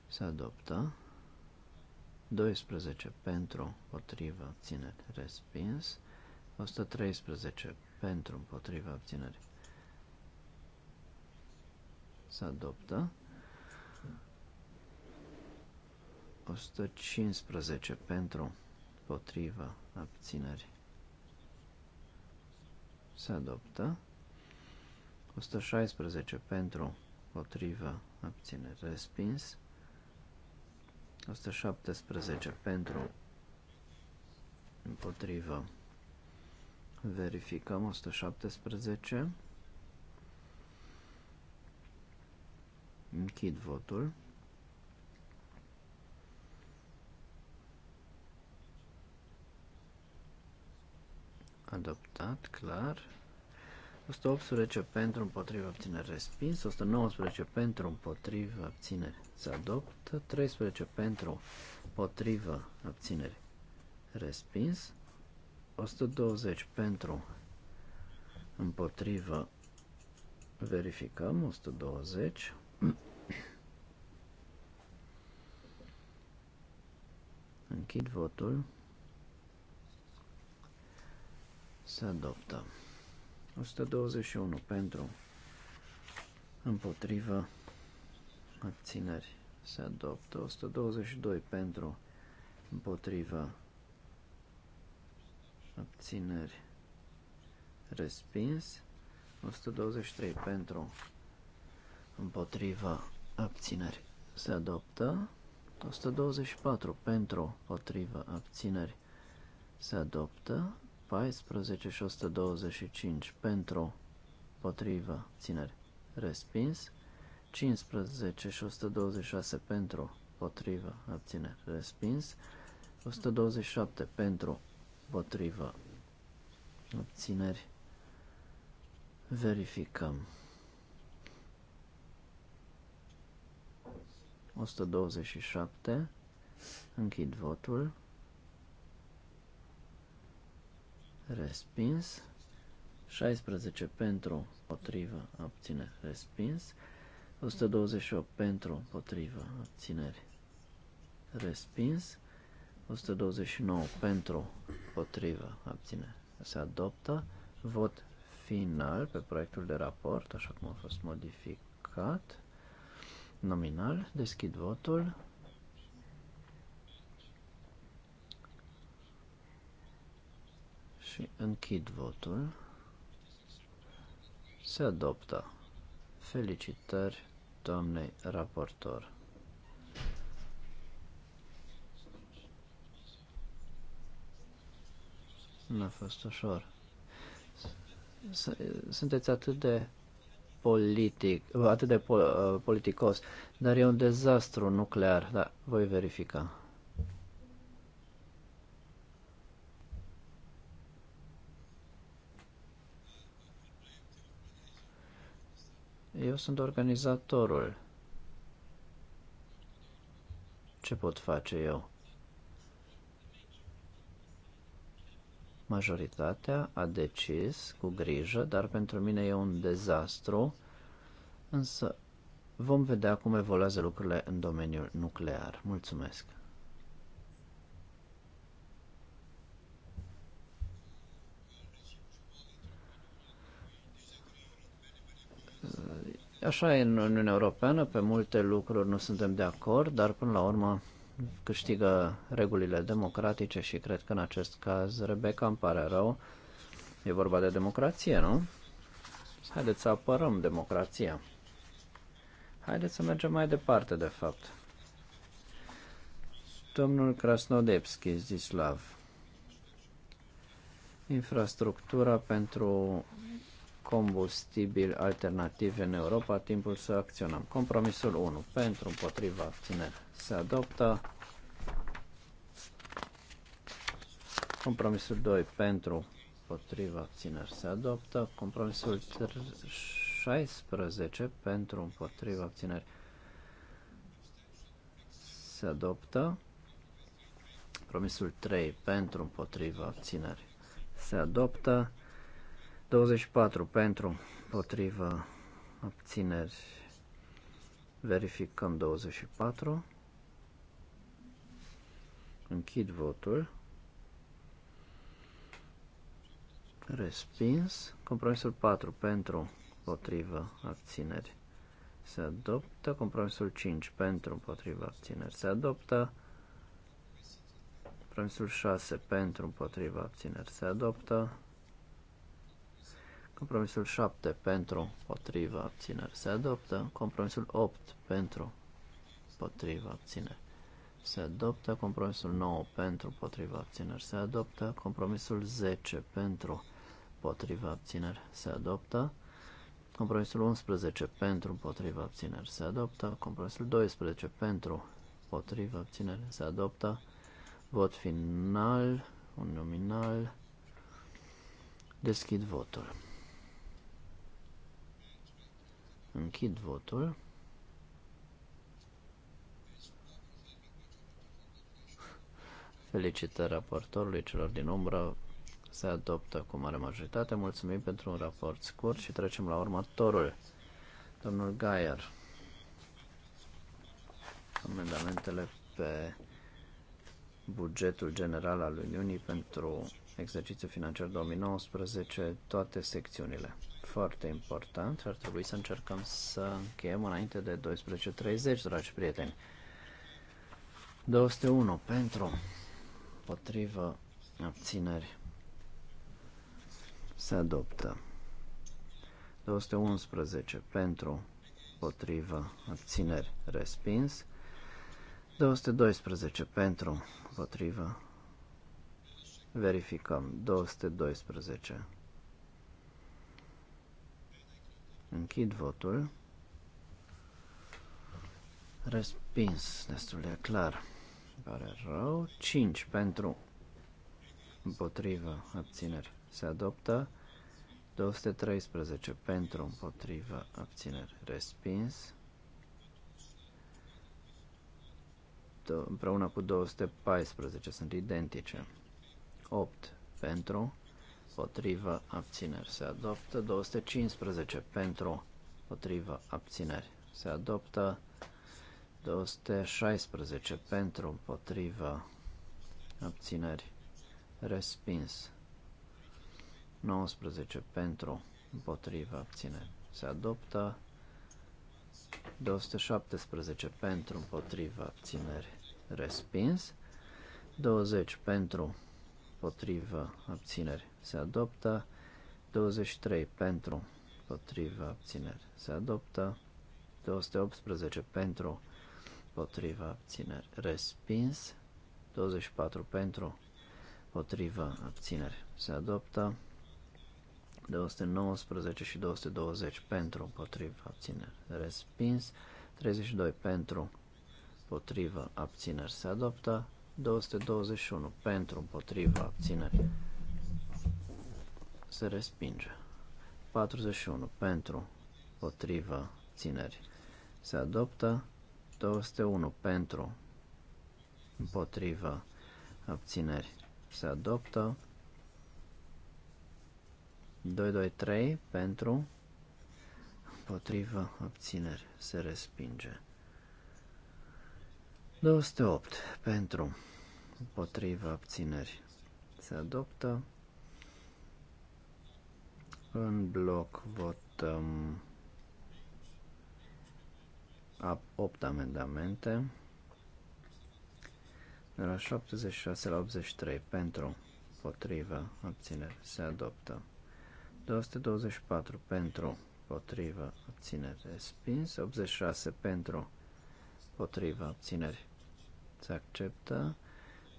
se adoptă, 12 pentru împotriva abțineri respins, 113 pentru împotriva abținării. Se adoptă. 115 pentru împotriva abținării. Se adoptă. 116 pentru împotriva abținerii. Respins. 117 pentru împotriva Verificăm 117. Închid votul. Adoptat, clar. 118 pentru, împotriva, abținere, respins. 119 pentru, împotriva, abținere, se adoptă. 13 pentru, împotriva, abținere, respins. 120 pentru împotrivă verificăm 120 închid votul se adoptă 121 pentru împotrivă abțineri se adoptă 122 pentru împotrivă abțineri respins 123 pentru împotriva abțineri se adoptă 124 pentru potrivă abțineri se adoptă 14 și 125 pentru potrivă țineri respins 15 și 126 pentru potrivă abțineri respins 127 pentru împotrivă, obțineri, verificăm. 127, închid votul, respins, 16 pentru, potrivă, abțineri, respins, 128 pentru, potrivă, abțineri, respins, 129 pentru, potrivă, abține, se adoptă. Vot final pe proiectul de raport, așa cum a fost modificat. Nominal, deschid votul. Și închid votul. Se adoptă. Felicitări doamnei raportor. Nu a fost ușor. Sunteți atât de politic, atât de uh, politicos, dar e un dezastru nuclear, da, voi verifica. Eu sunt organizatorul. Ce pot face eu? Majoritatea a decis cu grijă, dar pentru mine e un dezastru, însă vom vedea cum evoluează lucrurile în domeniul nuclear. Mulțumesc! Așa e în Uniunea Europeană, pe multe lucruri nu suntem de acord, dar până la urmă câștigă regulile democratice și cred că în acest caz Rebecca îmi pare rău. E vorba de democrație, nu? Haideți să apărăm democrația. Haideți să mergem mai departe, de fapt. Domnul Krasnodepski, Zislav. Infrastructura pentru combustibili alternativi în Europa, timpul să acționăm. Compromisul 1. Pentru, împotriva, abținere se adoptă. Compromisul 2. Pentru, împotriva, abținere se adoptă. Compromisul 16. Pentru, împotriva, abținere se adoptă. Compromisul 3. Pentru, împotriva, abținere se adoptă. 24 pentru, potrivă, abțineri, verificăm 24, închid votul, respins, compromisul 4 pentru, potrivă, abțineri, se adoptă, compromisul 5 pentru, potrivă, abțineri, se adoptă, compromisul 6 pentru, potrivă, abțineri, se adoptă, Compromisul 7 pentru, potriva, abțineri se adoptă. Compromisul 8 pentru, potriva, abțineri se adoptă. Compromisul 9 pentru, potriva, abțineri se adoptă. Compromisul 10 pentru, potriva, abțineri se adoptă. Compromisul 11 pentru, potriva, abțineri se adoptă. Compromisul 12 pentru, potriva, abțineri se adoptă. Vot final, un nominal. Deschid votul. Închid votul. Felicitări raportorului celor din umbră. Se adoptă cu mare majoritate. Mulțumim pentru un raport scurt și trecem la următorul. Domnul Gaier. Amendamentele pe bugetul general al Uniunii pentru exercițiul financiar 2019, toate secțiunile. Foarte important, ar trebui să încercăm să încheiem înainte de 12.30, dragi prieteni. 201 pentru, potrivă, abțineri, se adoptă. 211 pentru, potrivă, abțineri, respins. 212 pentru, potrivă, Verificăm. 212. Închid votul. Respins. Destul de clar. Pare rău. 5 pentru. Împotrivă. Abțineri. Se adoptă. 213 pentru. Împotrivă. Abțineri. Respins. Împreună cu 214 sunt identice. 8 pentru, potrivă, abțineri se adoptă, 215 pentru, potrivă, abțineri se adoptă, 216 pentru, potrivă, abțineri respins, 19 pentru, potrivă abțineri se adoptă, 217 pentru, potrivă abțineri respins, 20 pentru, împotrivă, abțineri, se adoptă. 23 pentru, împotrivă, abțineri, se adoptă. 218 pentru, împotrivă, abțineri, respins. 24 pentru, împotrivă, abțineri, se adoptă. 219 și 220 pentru, împotrivă, abțineri, respins. 32 pentru, împotrivă, abțineri, se adoptă. 221 pentru, împotriva, abțineri. Se respinge. 41 pentru, împotriva, țineri. Se adoptă 201 pentru, împotriva, abțineri. Se adoptă 223 pentru, împotriva, abțineri. Se respinge. 208 pentru, împotriva abțineri se adoptă. În bloc votăm 8 amendamente. De la 76 la 83 pentru, potriva abțineri, se adoptă. 224 pentru, potriva abțineri, respins. 86 pentru, potriva abțineri, se acceptă.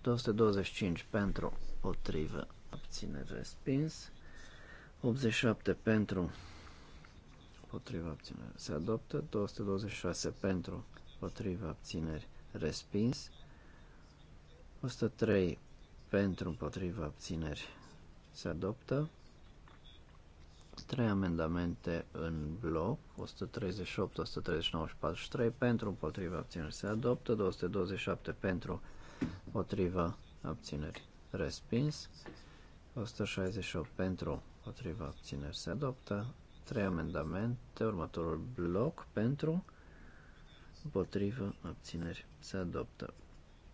225 pentru, potrivă, abține respins. 87 pentru, potrivă, abțineri, se adoptă. 226 pentru, potrivă, abțineri, respins. 103 pentru, potrivă abțineri, se adoptă. Trei amendamente în bloc, 138, 139 și 43 pentru, împotriva abțineri se adoptă, 227 pentru, împotriva abțineri respins, 168 pentru, împotriva abțineri se adoptă, trei amendamente, următorul bloc pentru, împotriva abțineri se adoptă,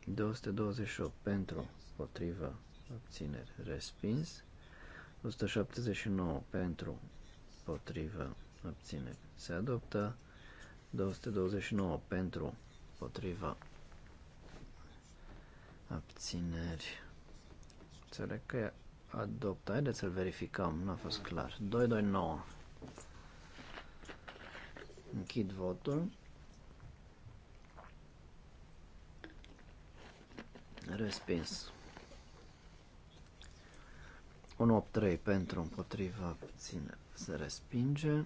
228 pentru, împotriva abțineri respins, 179 pentru, potrivă, abține, se adoptă, 229 pentru, potrivă, abțineri. Înțeleg că e adoptă. Haideți să-l verificăm, nu a fost clar. 229. Închid votul. Respins. 8-3 pentru împotriva abține se respinge.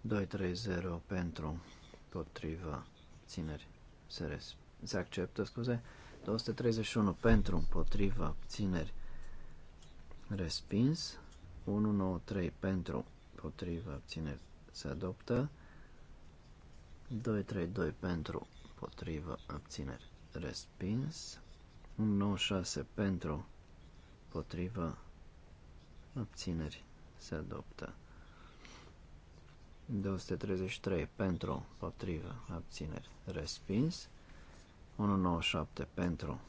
230 pentru împotriva țineri se, res- se acceptă, scuze. 231 pentru împotriva țineri respins. 1-9-3 pentru împotriva țineri se adoptă. 232 pentru împotriva abțineri respins. 196 pentru, potriva, abțineri, se adoptă. 233 pentru, potriva, abțineri, respins. 197 pentru,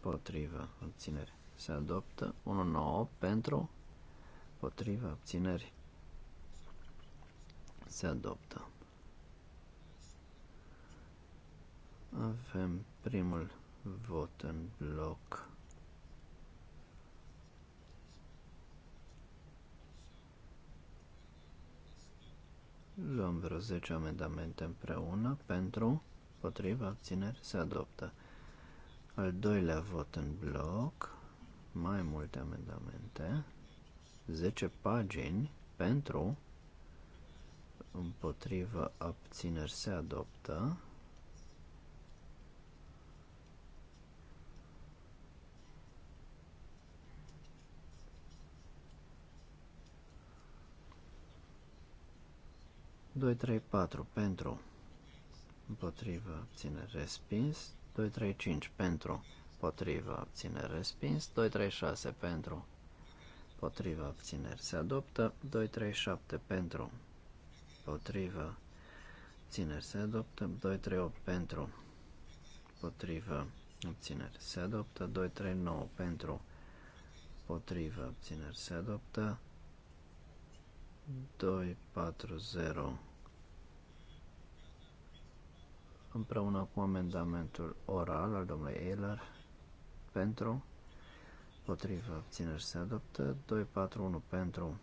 potriva, abțineri, se adoptă. 198 pentru, potriva, abțineri, se adoptă. Avem primul vot în bloc. Luăm vreo 10 amendamente împreună pentru, potriva, abțineri, se adoptă. Al doilea vot în bloc, mai multe amendamente, 10 pagini pentru, împotriva, abțineri, se adoptă. 2, 3, 4 pentru, împotrivă, obține respins, 2, 3, 5 pentru, împotrivă, obține respins, 2, 3, 6 pentru, împotrivă, abțineri, se adoptă, 2, 3, 7 pentru, împotrivă, obțineri se adoptă, 2, 3, 8 pentru, împotrivă, obțineri se adoptă, 2, 3, 9 pentru, împotrivă, obțineri se adoptă, 240 împreună cu amendamentul oral al domnului Eiler pentru potrivă abțineri se adoptă 241 pentru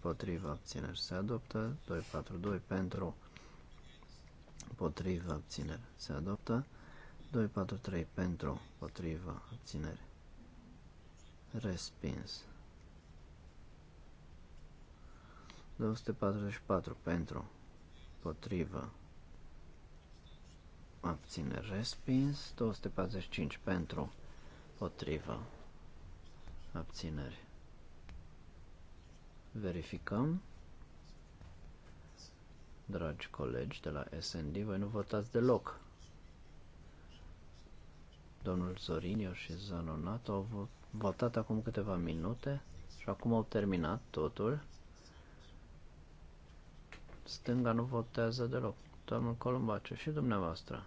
potrivă abțineri se adoptă 242 pentru potrivă abțineri se adoptă 243 pentru potrivă abțineri respins 244 pentru, potrivă, abține respins, 245 pentru, potrivă, abțineri. Verificăm. Dragi colegi de la SND, voi nu votați deloc. Domnul Zorinio și Zanonato au votat acum câteva minute și acum au terminat totul. Stânga nu votează deloc. Domnul Columbaciu și dumneavoastră.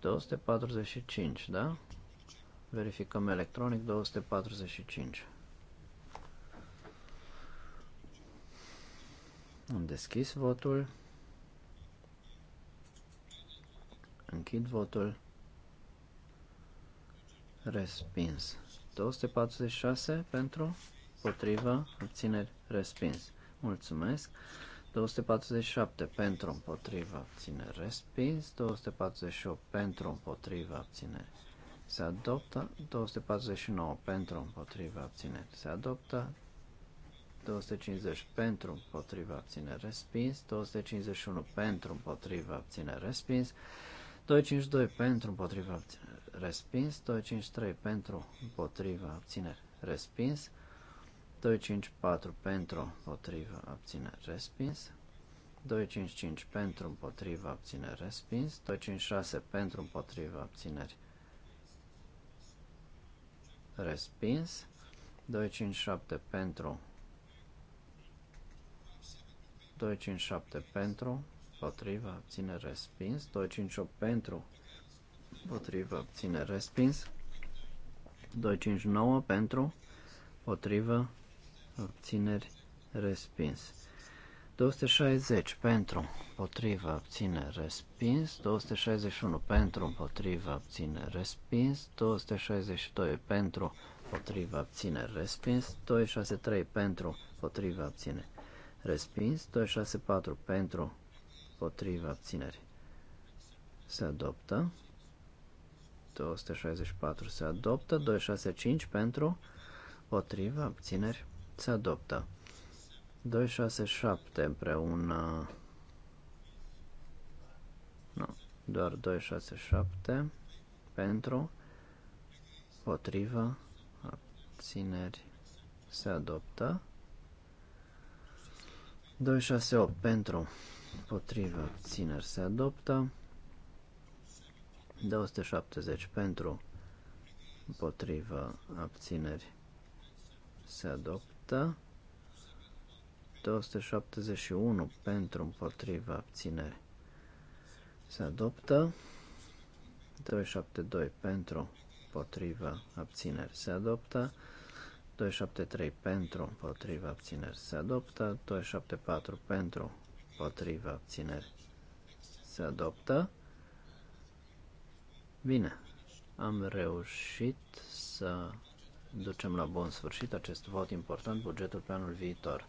245, da? Verificăm electronic 245. Am deschis votul. Închid votul. Respins. 246 pentru, potriva, obțineri, respins. Mulțumesc. 247 pentru împotriva abține respins, 248 pentru împotriva abține se adoptă, 249 pentru împotriva abține se adoptă, 250 pentru împotriva abține respins, 251 pentru împotriva abține respins, 252 pentru împotriva abține respins, 253 pentru împotriva abține respins, 254 pentru, împotrivă, abține, respins. 255 pentru, împotrivă, abține, respins. 256 pentru, împotrivă, abțineri, respins. 257 pentru, 257 pentru, împotrivă, abține, respins. 258 pentru, împotrivă, abține, respins. 259 pentru, potrivă, obțineri respins. 260 pentru, împotriva, obține respins, 261 pentru, împotriva, obține respins, 262 pentru, împotriva, obține respins, 263 pentru, împotriva, obține respins, 264 pentru, împotriva, obțineri se adoptă, 264 se adoptă, 265 pentru, împotriva, obțineri se adoptă. 267 împreună. Nu, doar 267 pentru, potrivă, abțineri, se adoptă. 268 pentru, potrivă, abțineri, se adoptă. 270 pentru, potrivă, abțineri, se adoptă adoptă. 271 pentru împotriva abținere se adoptă. 272 pentru împotriva abțineri se adoptă. 273 pentru împotriva abțineri se adoptă. 274 pentru împotriva abțineri se adoptă. Bine, am reușit să ducem la bun sfârșit acest vot important, bugetul pe anul viitor.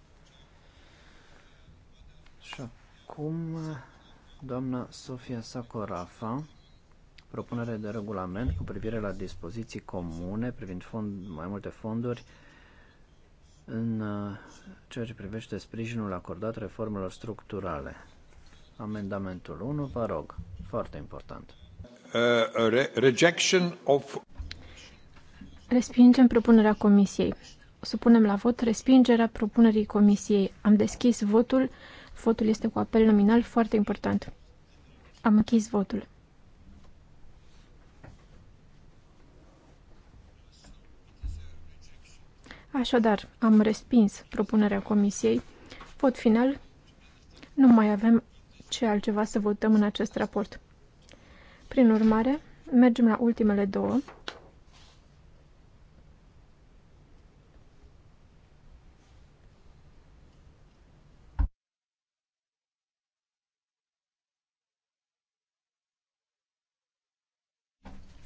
Și acum doamna Sofia Sacorafa, propunere de regulament cu privire la dispoziții comune privind fond, mai multe fonduri în uh, ceea ce privește sprijinul acordat reformelor structurale. Amendamentul 1, vă rog, foarte important. Uh, re rejection of Respingem propunerea comisiei. Supunem la vot respingerea propunerii comisiei. Am deschis votul. Votul este cu apel nominal foarte important. Am închis votul. Așadar, am respins propunerea comisiei. Vot final, nu mai avem ce altceva să votăm în acest raport. Prin urmare, mergem la ultimele două.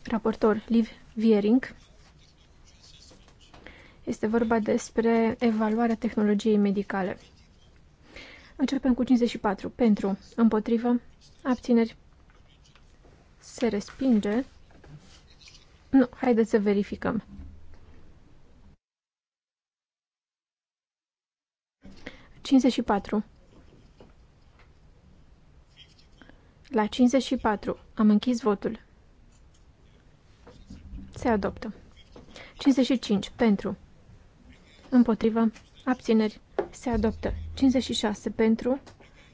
raportor Liv Viering. Este vorba despre evaluarea tehnologiei medicale. Începem cu 54. Pentru, împotrivă, abțineri, se respinge. Nu, haideți să verificăm. Cincizeci și patru. La 54 am închis votul. Se adoptă. 55. Pentru. Împotrivă. Abțineri. Se adoptă. 56. Pentru.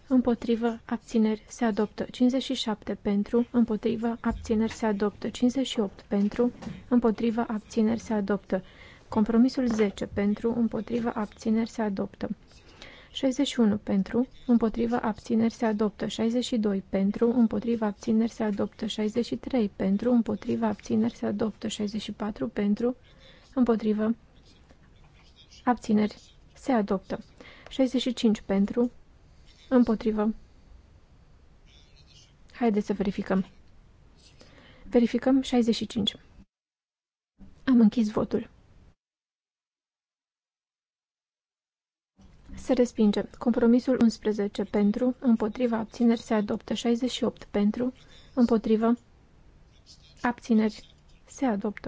Împotrivă. Abțineri. Se adoptă. 57. Pentru. Împotrivă. Abțineri. Se adoptă. 58. Pentru. Împotrivă. Abțineri. Se adoptă. Compromisul 10. Pentru. Împotrivă. Abțineri. Se adoptă. 61 pentru, împotriva abțineri se adoptă. 62 pentru, împotriva abțineri se adoptă. 63 pentru, împotriva abțineri se adoptă. 64 pentru, împotriva abțineri se adoptă. 65 pentru, împotriva. Haideți să verificăm. Verificăm 65. Am închis votul. Se respinge. Compromisul 11 pentru, împotriva abțineri se adoptă 68 pentru, împotriva abțineri se adoptă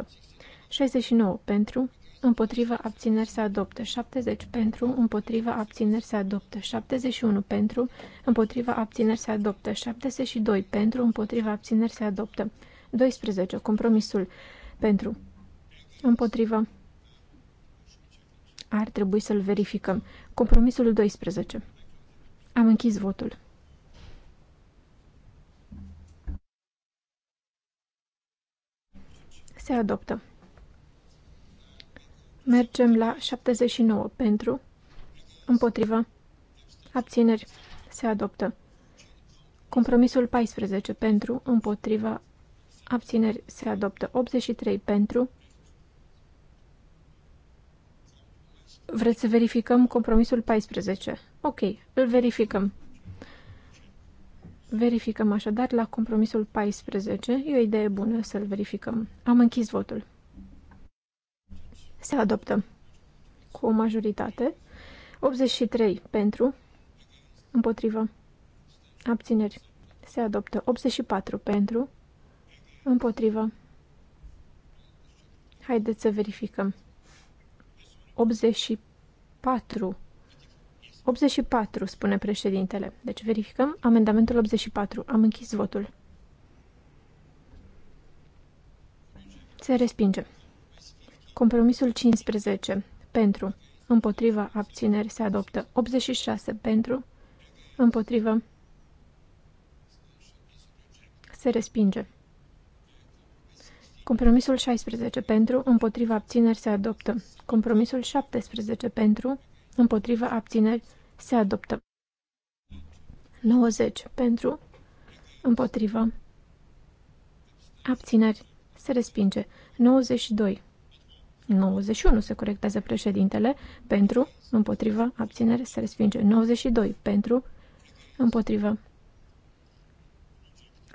69 pentru, împotriva abțineri se adoptă 70 pentru, împotriva abțineri se adoptă 71 pentru, împotriva abțineri se adoptă 72 pentru, împotriva abțineri se adoptă 12. Compromisul pentru, împotriva ar trebui să-l verificăm. Compromisul 12. Am închis votul. Se adoptă. Mergem la 79 pentru, împotrivă, abțineri, se adoptă. Compromisul 14 pentru, împotrivă, abțineri, se adoptă. 83 pentru, Vreți să verificăm compromisul 14? Ok, îl verificăm. Verificăm așadar la compromisul 14. E o idee bună să-l verificăm. Am închis votul. Se adoptă cu o majoritate. 83 pentru, împotrivă, abțineri. Se adoptă 84 pentru, împotrivă. Haideți să verificăm. 84. 84, spune președintele. Deci verificăm amendamentul 84. Am închis votul. Se respinge. Compromisul 15. Pentru. Împotriva abțineri se adoptă. 86. Pentru. Împotriva. Se respinge. Compromisul 16 pentru, împotriva abțineri se adoptă. Compromisul 17 pentru, împotriva abțineri se adoptă. 90 pentru, împotriva abțineri se respinge. 92 91 se corectează președintele pentru, împotriva abțineri se respinge. 92 pentru, împotriva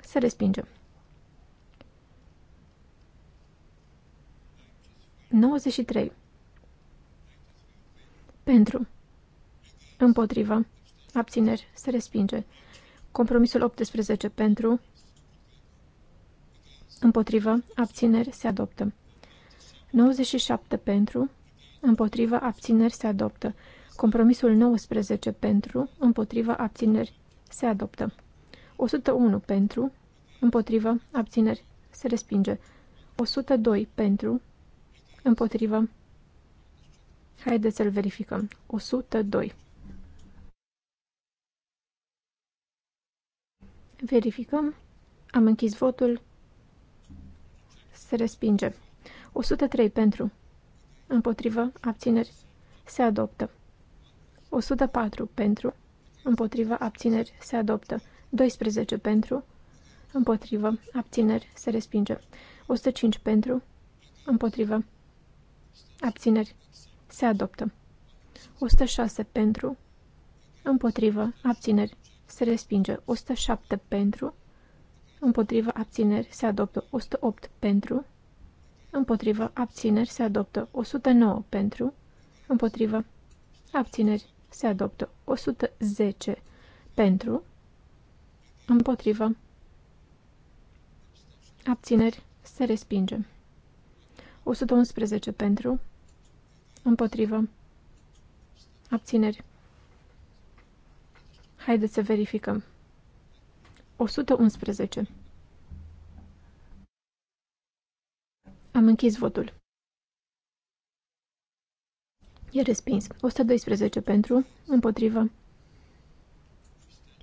se respinge. 93. Pentru. Împotrivă. Abțineri. Se respinge. Compromisul 18. Pentru. Împotrivă. Abțineri. Se adoptă. 97. Pentru. Împotrivă. Abțineri. Se adoptă. Compromisul 19. Pentru. Împotrivă. Abțineri. Se adoptă. 101. Pentru. Împotrivă. Abțineri. Se respinge. 102. Pentru Împotrivă. Haideți să-l verificăm. 102. Verificăm. Am închis votul. Se respinge. 103 pentru. Împotrivă. Abțineri. Se adoptă. 104 pentru. Împotrivă. Abțineri. Se adoptă. 12 pentru. Împotrivă. Abțineri. Se respinge. 105 pentru. Împotrivă. Abțineri. Se adoptă. 106 pentru. Împotrivă. Abțineri. Se respinge. 107 pentru. Împotrivă. Abțineri. Se adoptă. 108 pentru. Împotrivă. Abțineri. Se adoptă. 109 pentru. Împotrivă. Abțineri. Se adoptă. 110 pentru. Împotrivă. Abțineri. Se respinge. 111 pentru, împotrivă, abțineri. Haideți să verificăm. 111. Am închis votul. E respins. 112 pentru, împotrivă,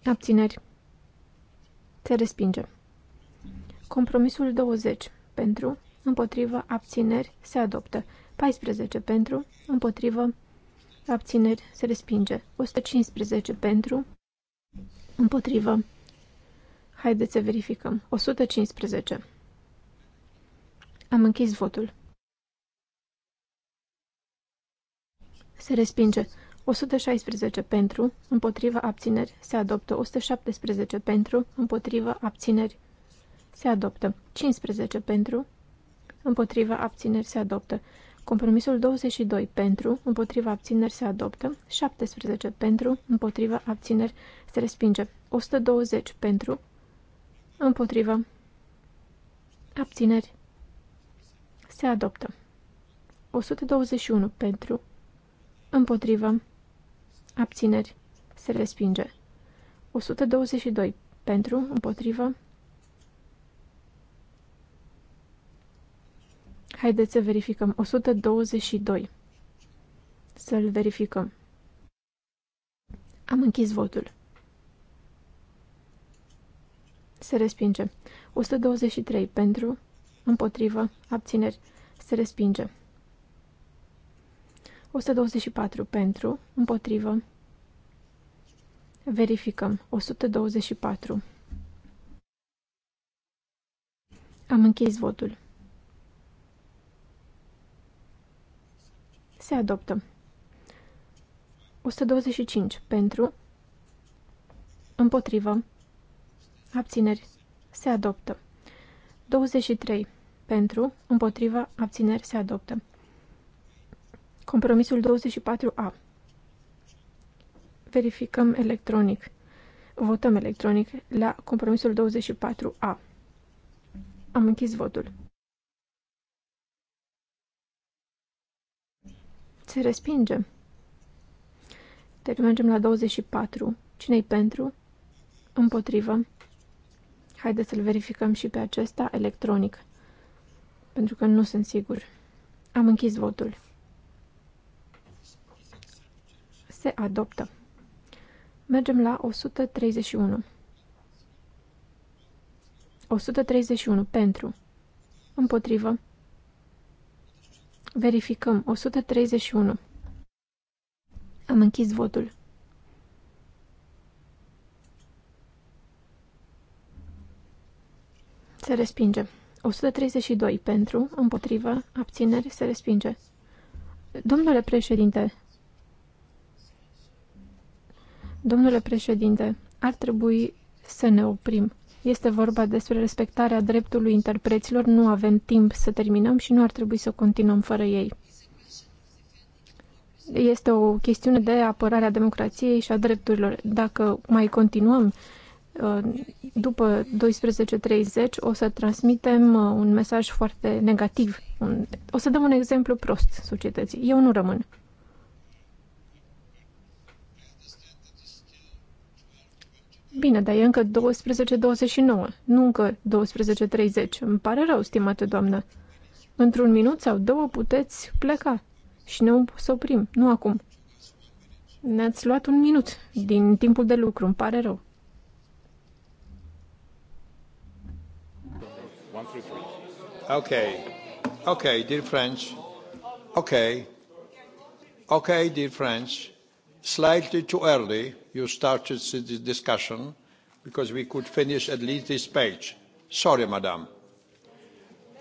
abțineri. Se respinge. Compromisul 20 pentru, împotrivă, abțineri, se adoptă. 14 pentru, împotrivă, abțineri, se respinge. 115 pentru, împotrivă. Haideți să verificăm. 115. Am închis votul. Se respinge. 116 pentru, împotriva abțineri, se adoptă. 117 pentru, împotriva abțineri, se adoptă. 15 pentru, împotriva abțineri se adoptă. Compromisul 22 pentru, împotriva abțineri se adoptă, 17 pentru, împotriva abțineri se respinge, 120 pentru, împotriva abțineri se adoptă, 121 pentru, împotriva abțineri se respinge, 122 pentru, împotriva Haideți să verificăm. 122. Să-l verificăm. Am închis votul. Se respinge. 123 pentru, împotrivă, abțineri. Se respinge. 124 pentru, împotrivă. Verificăm. 124. Am închis votul. Se adoptă. 125. Pentru. Împotrivă. Abțineri. Se adoptă. 23. Pentru. Împotrivă. Abțineri. Se adoptă. Compromisul 24A. Verificăm electronic. Votăm electronic la compromisul 24A. Am închis votul. se respinge. Deci mergem la 24. Cine-i pentru? Împotrivă. Haideți să-l verificăm și pe acesta electronic, pentru că nu sunt sigur. Am închis votul. Se adoptă. Mergem la 131. 131 pentru. Împotrivă. Verificăm. 131. Am închis votul. Se respinge. 132 pentru, împotrivă, abțineri, se respinge. Domnule președinte, domnule președinte, ar trebui să ne oprim. Este vorba despre respectarea dreptului interpreților. Nu avem timp să terminăm și nu ar trebui să continuăm fără ei. Este o chestiune de apărare a democrației și a drepturilor. Dacă mai continuăm uh, după 12.30 o să transmitem uh, un mesaj foarte negativ. O să dăm un exemplu prost societății. Eu nu rămân. Bine, dar e încă 12.29, nu încă 12.30. Îmi pare rău, stimată doamnă. Într-un minut sau două puteți pleca și ne să oprim, nu acum. Ne-ați luat un minut din timpul de lucru, îmi pare rău. Okay. Okay, dear French. Okay. Okay, dear French slightly too early you started this discussion because we could finish at least this page. Sorry, madam.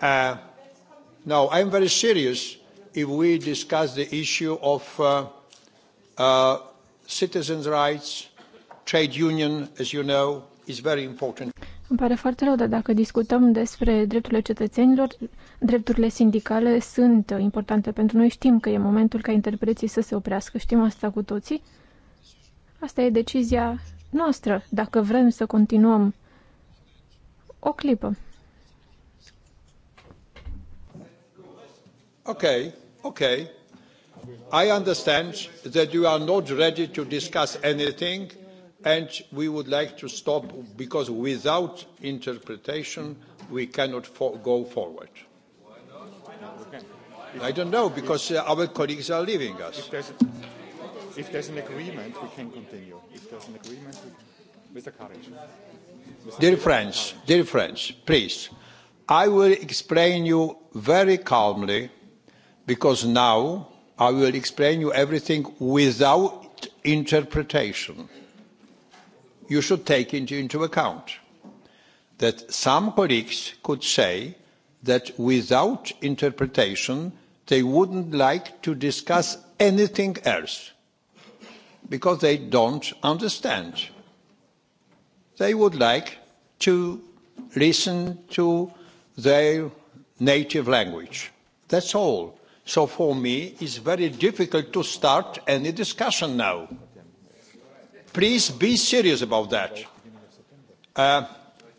Uh, no, I'm very serious if we discuss the issue of uh, uh, citizens' rights, trade union, as you know, is very important. Îmi pare foarte rău, dar dacă discutăm despre drepturile cetățenilor, Drepturile sindicale sunt importante pentru noi. Știm că e momentul ca interpreții să se oprească. Știm asta cu toții. Asta e decizia noastră, dacă vrem să continuăm. O clipă. Ok, ok. I understand that you are not ready to discuss anything and we would like to stop because without interpretation we cannot for go forward. I don't know because uh, our colleagues are leaving us. If there's, a, if there's an agreement, we can continue. If there's an agreement, we... Mr. Courage. Dear friends, dear friends, please, I will explain you very calmly because now I will explain you everything without interpretation. You should take into account that some colleagues could say that without interpretation they wouldn't like to discuss anything else because they don't understand. They would like to listen to their native language. That's all. So for me, it's very difficult to start any discussion now. Please be serious about that. Uh,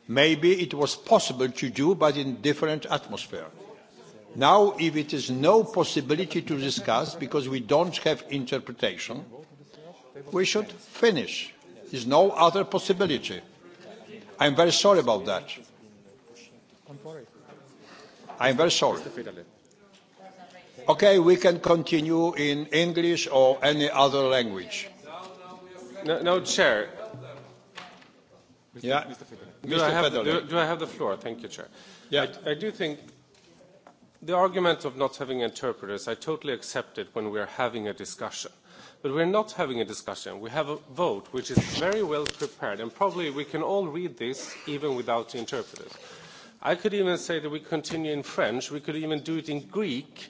Maybe it was possible to do, but in different atmosphere. Now, if it is no possibility to discuss because we don't have interpretation, we should finish. There's no other possibility. I'm very sorry about that. I'm very sorry. Okay, we can continue in English or any other language. No, no Chair, Mr. Yeah. Mr. Do, Mr. I have, Do, do I have the floor? Thank you, Chair. Yeah. I, I do think the argument of not having interpreters, I totally accept it when we are having a discussion. But we're not having a discussion. We have a vote which is very well prepared, and probably we can all read this even without interpreters. I could even say that we continue in French. We could even do it in Greek